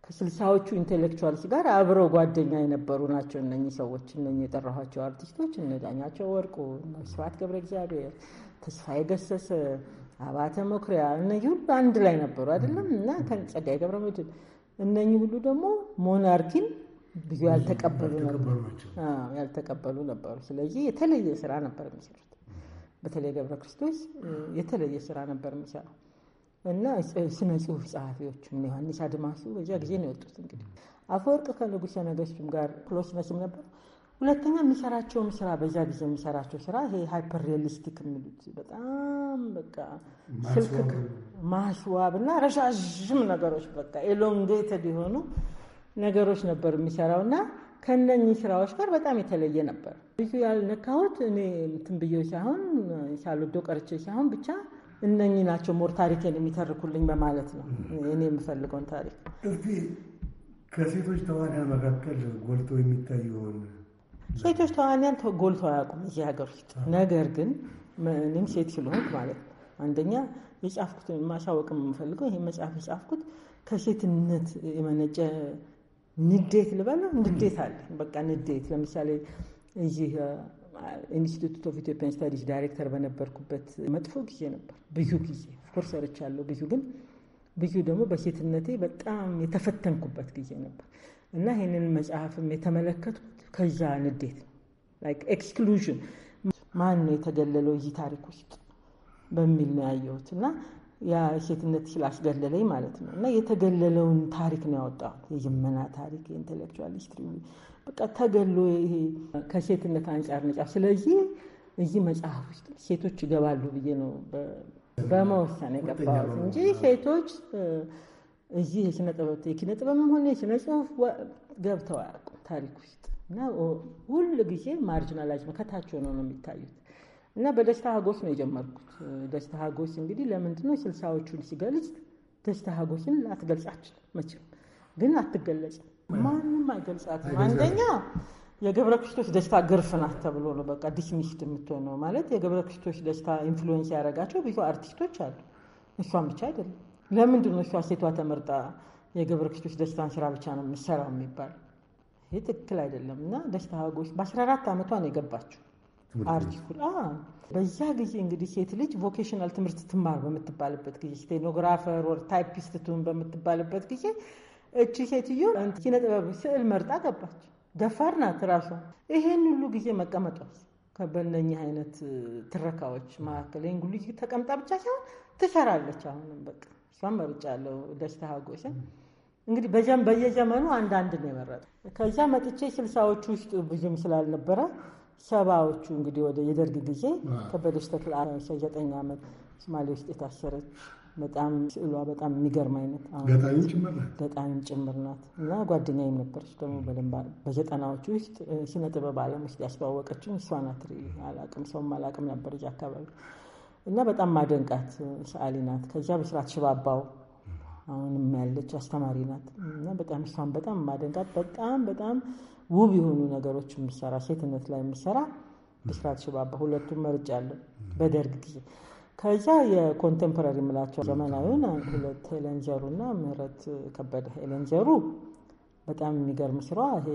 ከስልሳዎቹ ኢንቴሌክቹዋልስ ጋር አብረው ጓደኛ የነበሩ ናቸው። እነኚህ ሰዎች እነ የጠራኋቸው አርቲስቶች እነ ዳኛቸው ወርቁ፣ ስብሐት ገብረ እግዚአብሔር፣ ተስፋዬ ገሰሰ፣ አባተ መኩሪያ እነዚህ ሁሉ አንድ ላይ ነበሩ አይደለም እና ጸጋዬ ገብረ መድኅን እነኚህ ሁሉ ደግሞ ሞናርኪን ብዙ ያልተቀበሉ ነበሩ ያልተቀበሉ ነበሩ። ስለዚህ የተለየ ስራ ነበር የሚሰሩት። በተለይ ገብረ ክርስቶስ የተለየ ስራ ነበር የሚሰራው። እና ስነ ጽሁፍ ጸሐፊዎችም ዮሐንስ አድማሱ በዚያ ጊዜ ነው የወጡት። እንግዲህ አፈወርቅ ከንጉሰ ነገስቱም ጋር ክሎስ መስም ነበር። ሁለተኛ የሚሰራቸውም ስራ በዛ ጊዜ የሚሰራቸው ስራ ይሄ ሃይፐር ሪያሊስቲክ የሚሉት በጣም በቃ ስልክ ማስዋብ እና ረዣዥም ነገሮች በቃ ኤሎንጌተድ የሆኑ ነገሮች ነበር የሚሰራው እና ከነኚህ ስራዎች ጋር በጣም የተለየ ነበር። ብዙ ያልነካሁት እኔ እንትን ብዬ ሳይሆን ሳልወደው ቀርቼ ሳይሆን ብቻ እነኚህ ናቸው ሞር ታሪኬን የሚተርኩልኝ በማለት ነው እኔ የምፈልገውን ታሪክ። እስቲ ከሴቶች ተዋንያን መካከል ጎልቶ የሚታየውን ሴቶች ተዋንያን ጎልቶ አያውቁም እዚህ ሀገር ውስጥ። ነገር ግን እኔም ሴት ስለሆንኩ ማለት ነው አንደኛ የጻፍኩት ማሳወቅ የምፈልገው ይህ መጽሐፍ የጻፍኩት ከሴትነት የመነጨ ንዴት ልበላ ንዴት አለ። በቃ ንዴት ለምሳሌ እዚህ ኢንስቲቱት ኦፍ ኢትዮጵያን ስታዲስ ዳይሬክተር በነበርኩበት መጥፎ ጊዜ ነበር። ብዙ ጊዜ ኦፍኮርስ ሰርቻለሁ። ብዙ ግን ብዙ ደግሞ በሴትነቴ በጣም የተፈተንኩበት ጊዜ ነበር እና ይህንን መጽሐፍም የተመለከትኩት ከዛ ንዴት ነው። ኤክስክሉዥን ማን ነው የተገለለው እዚህ ታሪክ ውስጥ በሚል ነው ያየሁት እና ያ ሴትነት ስላስገለለኝ ማለት ነው እና የተገለለውን ታሪክ ነው ያወጣሁት የጀመና ታሪክ የኢንቴሌክቹዋል ስትሪ በቃ ተገሎ ይሄ ከሴትነት አንጻር ነጫ። ስለዚህ እዚህ መጽሐፍ ውስጥ ሴቶች ይገባሉ ብዬ ነው በመወሰን የገባሁት እንጂ ሴቶች እዚህ የኪነ ጥበብ የኪነ ጥበብም ሆነ የኪነ ጽሁፍ ገብተው አያውቁም ታሪክ ውስጥ እና ሁል ጊዜ ማርጅናላጅ ከታች ሆነው ነው የሚታዩት። እና በደስታ ሀጎስ ነው የጀመርኩት። ደስታ ሀጎስ እንግዲህ ለምንድን ነው ስልሳዎቹን ሲገልጽ ደስታ ሀጎስን አትገልጻችን መቼም ግን አትገለጽም ማንም አይገልጻትም። አንደኛ የገብረ ክርስቶስ ደስታ ግርፍ ናት ተብሎ ነው በቃ ዲስሚስድ የምትሆነው። ማለት የገብረ ክርስቶስ ደስታ ኢንፍሉዌንስ ያደረጋቸው ብዙ አርቲስቶች አሉ፣ እሷን ብቻ አይደለም። ለምንድን ነው እሷ ሴቷ ተመርጣ የገብረ ክርስቶስ ደስታን ስራ ብቻ ነው የምሰራው የሚባል? ይህ ትክክል አይደለም። እና ደስታ ሀጎስ በ14 ዓመቷ ነው የገባችው አርቲኩል በዛ ጊዜ እንግዲህ ሴት ልጅ ቮኬሽናል ትምህርት ትማር በምትባልበት ጊዜ ስቴኖግራፈር ወር ታይፒስት ትሁን በምትባልበት ጊዜ እቺ ሴትዮ ኪነ ጥበብ ስዕል መርጣ ገባች። ደፋር ናት ራሷ። ይሄን ሁሉ ጊዜ መቀመጧ ከበነኝህ አይነት ትረካዎች መካከል ይህን ሁሉ ተቀምጣ ብቻ ሳይሆን ትሰራለች። አሁንም በቃ እሷም መርጫ ያለው ደስታ ሀጎስን እንግዲህ በየዘመኑ አንዳንድ ነው የመረጠ። ከዛ መጥቼ ስልሳዎቹ ውስጥ ብዙም ስላልነበረ ሰባዎቹ እንግዲህ ወደ የደርግ ጊዜ ከበደች ተክለ ሰ ዘጠኝ ዓመት ሶማሌ ውስጥ የታሰረች በጣም ስዕሏ በጣም የሚገርም አይነት ገጣሚም ጭምር ናት እና ጓደኛዬም ነበረች ደግሞ በደንብ በዘጠናዎቹ ውስጥ ስነ ጥበብ ዓለም ውስጥ ያስተዋወቀችኝ እሷ ናት። አላቅም ሰውም አላቅም ነበር እዚያ አካባቢ እና በጣም ማደንቃት ሰዓሊ ናት። ከዚያ በስራት ሽባባው አሁንም ያለች አስተማሪ ናት እና በጣም እሷን በጣም ማደንቃት በጣም በጣም ውብ የሆኑ ነገሮች የምሰራ ሴትነት ላይ የምሰራ ብስራት ሽባባ ሁለቱም መርጫ አለው በደርግ ጊዜ ከዛ የኮንቴምፖራሪ የምላቸው ዘመናዊውን አንድ ሁለት ሄለን እና ምህረት ከበደ። ሄለን በጣም የሚገርም ስራ ይሄ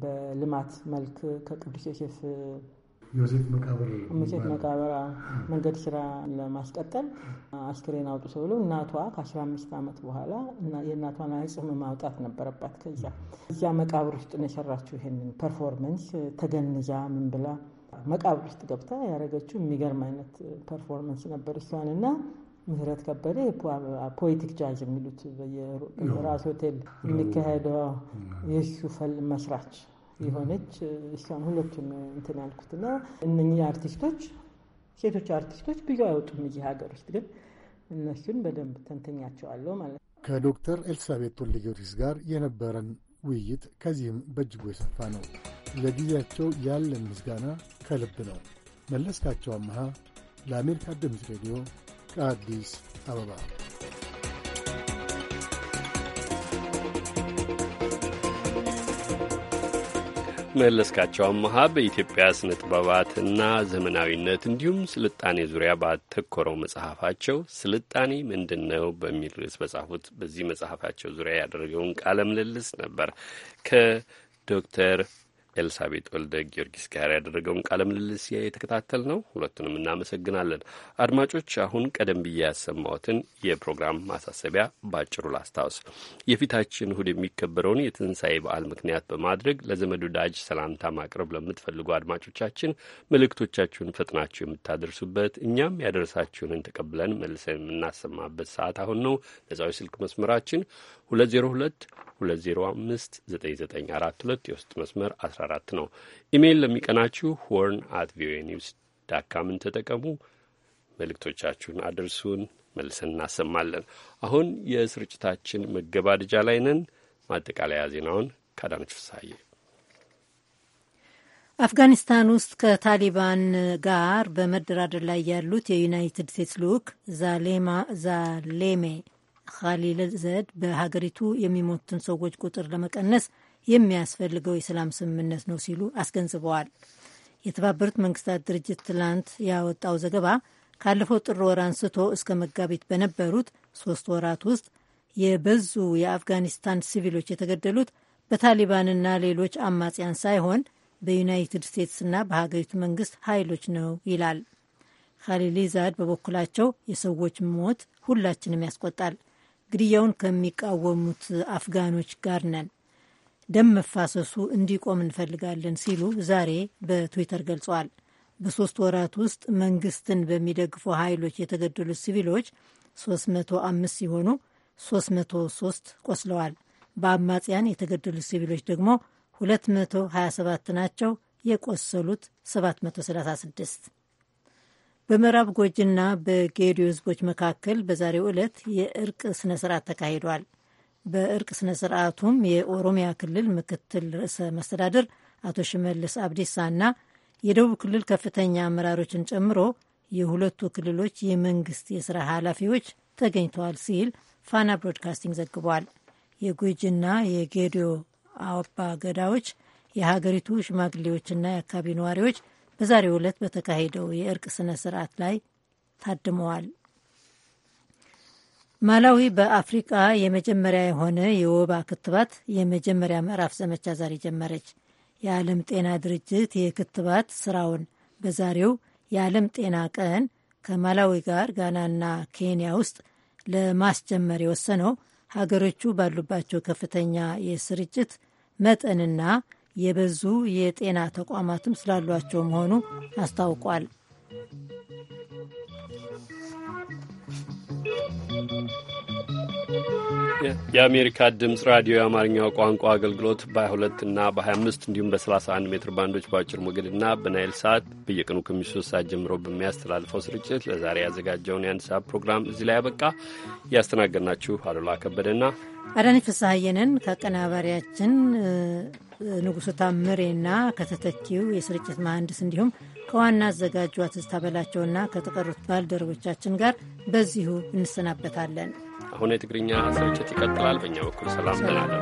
በልማት መልክ ከቅዱስ ዮሴፍ ዮሴፍ መቃብር መንገድ ስራ ለማስቀጠል አስክሬን አውጡ ሰብሎ እናቷ ከ15 ዓመት በኋላ የእናቷን አጽም ማውጣት ነበረባት። ከዛ እዛ መቃብር ውስጥ ነው የሰራችው ይሄንን ፐርፎርመንስ ተገንዛ ምን ብላ ገብታ መቃብር ውስጥ ገብታ ያደረገችው የሚገርም አይነት ፐርፎርመንስ ነበር። እሷን እና ምህረት ከበደ ፖኤቲክ ጃዝ የሚሉት በየራስ ሆቴል የሚካሄደው የሱ ፈል መስራች የሆነች እሷን ሁለቱን እንትን ያልኩት እና እነኚህ አርቲስቶች ሴቶች አርቲስቶች ብዙ አይወጡም እዚህ ሀገር ውስጥ ግን እነሱን በደንብ ተንተኛቸዋለሁ ማለት ነው። ከዶክተር ኤልሳቤት ወልደጊዮርጊስ ጋር የነበረን ውይይት ከዚህም በእጅጉ የሰፋ ነው። ለጊዜያቸው ያለን ምስጋና ከልብ ነው። መለስካቸው አመሃ ለአሜሪካ ድምፅ ሬዲዮ ከአዲስ አበባ መለስካቸው አመሃ በኢትዮጵያ ስነ ጥበባትና ዘመናዊነት እንዲሁም ስልጣኔ ዙሪያ ባተኮረው መጽሐፋቸው ስልጣኔ ምንድን ነው በሚል ርዕስ በጻፉት በዚህ መጽሐፋቸው ዙሪያ ያደረገውን ቃለ ምልልስ ነበር ከዶክተር ኤልሳቤጥ ወልደ ጊዮርጊስ ጋር ያደረገውን ቃለ ምልልስ የተከታተል ነው። ሁለቱንም እናመሰግናለን። አድማጮች፣ አሁን ቀደም ብዬ ያሰማሁትን የፕሮግራም ማሳሰቢያ ባጭሩ ላስታውስ። የፊታችን እሁድ የሚከበረውን የትንሣኤ በዓል ምክንያት በማድረግ ለዘመድ ወዳጅ ሰላምታ ማቅረብ ለምትፈልጉ አድማጮቻችን መልእክቶቻችሁን ፈጥናችሁ የምታደርሱበት እኛም ያደረሳችሁንን ተቀብለን መልሰን የምናሰማበት ሰዓት አሁን ነው። ነጻዊ ስልክ መስመራችን 2022059942 የውስጥ መስመር 14 ነው። ኢሜይል ለሚቀናችሁ ሆርን አት ቪኦኤ ኒውስ ዳካምን ተጠቀሙ። መልእክቶቻችሁን አድርሱን፣ መልሰን እናሰማለን። አሁን የስርጭታችን መገባደጃ ላይ ነን። ማጠቃለያ ዜናውን ከአዳነች ፍሳሐዬ። አፍጋኒስታን ውስጥ ከታሊባን ጋር በመደራደር ላይ ያሉት የዩናይትድ ስቴትስ ልዑክ ዛሌማ ዛሌሜ ካሊለ ዘድ በሀገሪቱ የሚሞቱትን ሰዎች ቁጥር ለመቀነስ የሚያስፈልገው የሰላም ስምምነት ነው ሲሉ አስገንዝበዋል። የተባበሩት መንግስታት ድርጅት ትላንት ያወጣው ዘገባ ካለፈው ጥር ወር አንስቶ እስከ መጋቢት በነበሩት ሶስት ወራት ውስጥ የበዙ የአፍጋኒስታን ሲቪሎች የተገደሉት በታሊባንና ሌሎች አማጽያን ሳይሆን በዩናይትድ ስቴትስና በሀገሪቱ መንግስት ኃይሎች ነው ይላል። ካሊሊዛድ በበኩላቸው የሰዎች ሞት ሁላችንም ያስቆጣል፣ ግድያውን ከሚቃወሙት አፍጋኖች ጋር ነን፣ ደም መፋሰሱ እንዲቆም እንፈልጋለን ሲሉ ዛሬ በትዊተር ገልጸዋል። በሶስት ወራት ውስጥ መንግስትን በሚደግፉ ኃይሎች የተገደሉት ሲቪሎች 305 ሲሆኑ 303 ቆስለዋል። በአማጽያን የተገደሉት ሲቪሎች ደግሞ 227 ናቸው። የቆሰሉት 736 በምዕራብ ጎጅና በጌዲዮ ህዝቦች መካከል በዛሬው ዕለት የእርቅ ስነ ስርዓት ተካሂዷል። በእርቅ ስነ ስርዓቱም የኦሮሚያ ክልል ምክትል ርዕሰ መስተዳድር አቶ ሽመልስ እና የደቡብ ክልል ከፍተኛ አመራሮችን ጨምሮ የሁለቱ ክልሎች የመንግስት የስራ ኃላፊዎች ተገኝተዋል ሲል ፋና ብሮድካስቲንግ ዘግቧል። የጎጅና የጌዲዮ አባ ገዳዎች፣ የሀገሪቱ ሽማግሌዎችና የአካባቢ ነዋሪዎች በዛሬው ዕለት በተካሄደው የእርቅ ስነ ስርዓት ላይ ታድመዋል። ማላዊ በአፍሪቃ የመጀመሪያ የሆነ የወባ ክትባት የመጀመሪያ ምዕራፍ ዘመቻ ዛሬ ጀመረች። የዓለም ጤና ድርጅት የክትባት ስራውን በዛሬው የዓለም ጤና ቀን ከማላዊ ጋር ጋናና ኬንያ ውስጥ ለማስጀመር የወሰነው ሀገሮቹ ባሉባቸው ከፍተኛ የስርጭት መጠንና የበዙ የጤና ተቋማትም ስላሏቸው መሆኑ አስታውቋል። የአሜሪካ ድምፅ ራዲዮ የአማርኛው ቋንቋ አገልግሎት በ22 እና በ25 እንዲሁም በ31 ሜትር ባንዶች በአጭር ሞገድና በናይል ሰዓት በየቀኑ ከምሽቱ ሶስት ሰዓት ጀምሮ በሚያስተላልፈው ስርጭት ለዛሬ ያዘጋጀውን የአንድ ሰዓት ፕሮግራም እዚህ ላይ ያበቃ። እያስተናገድናችሁ አሉላ ከበደና አዳነች ፍስሐየንን ከአቀናባሪያችን ንጉሥ ታምሬና ከተተኪው የስርጭት መሐንዲስ እንዲሁም ከዋና አዘጋጇ ትዝታ በላቸውና ከተቀሩት ባልደረቦቻችን ጋር በዚሁ እንሰናበታለን። አሁን የትግርኛ ስርጭት ይቀጥላል። በእኛ በኩል ሰላም ብናለን።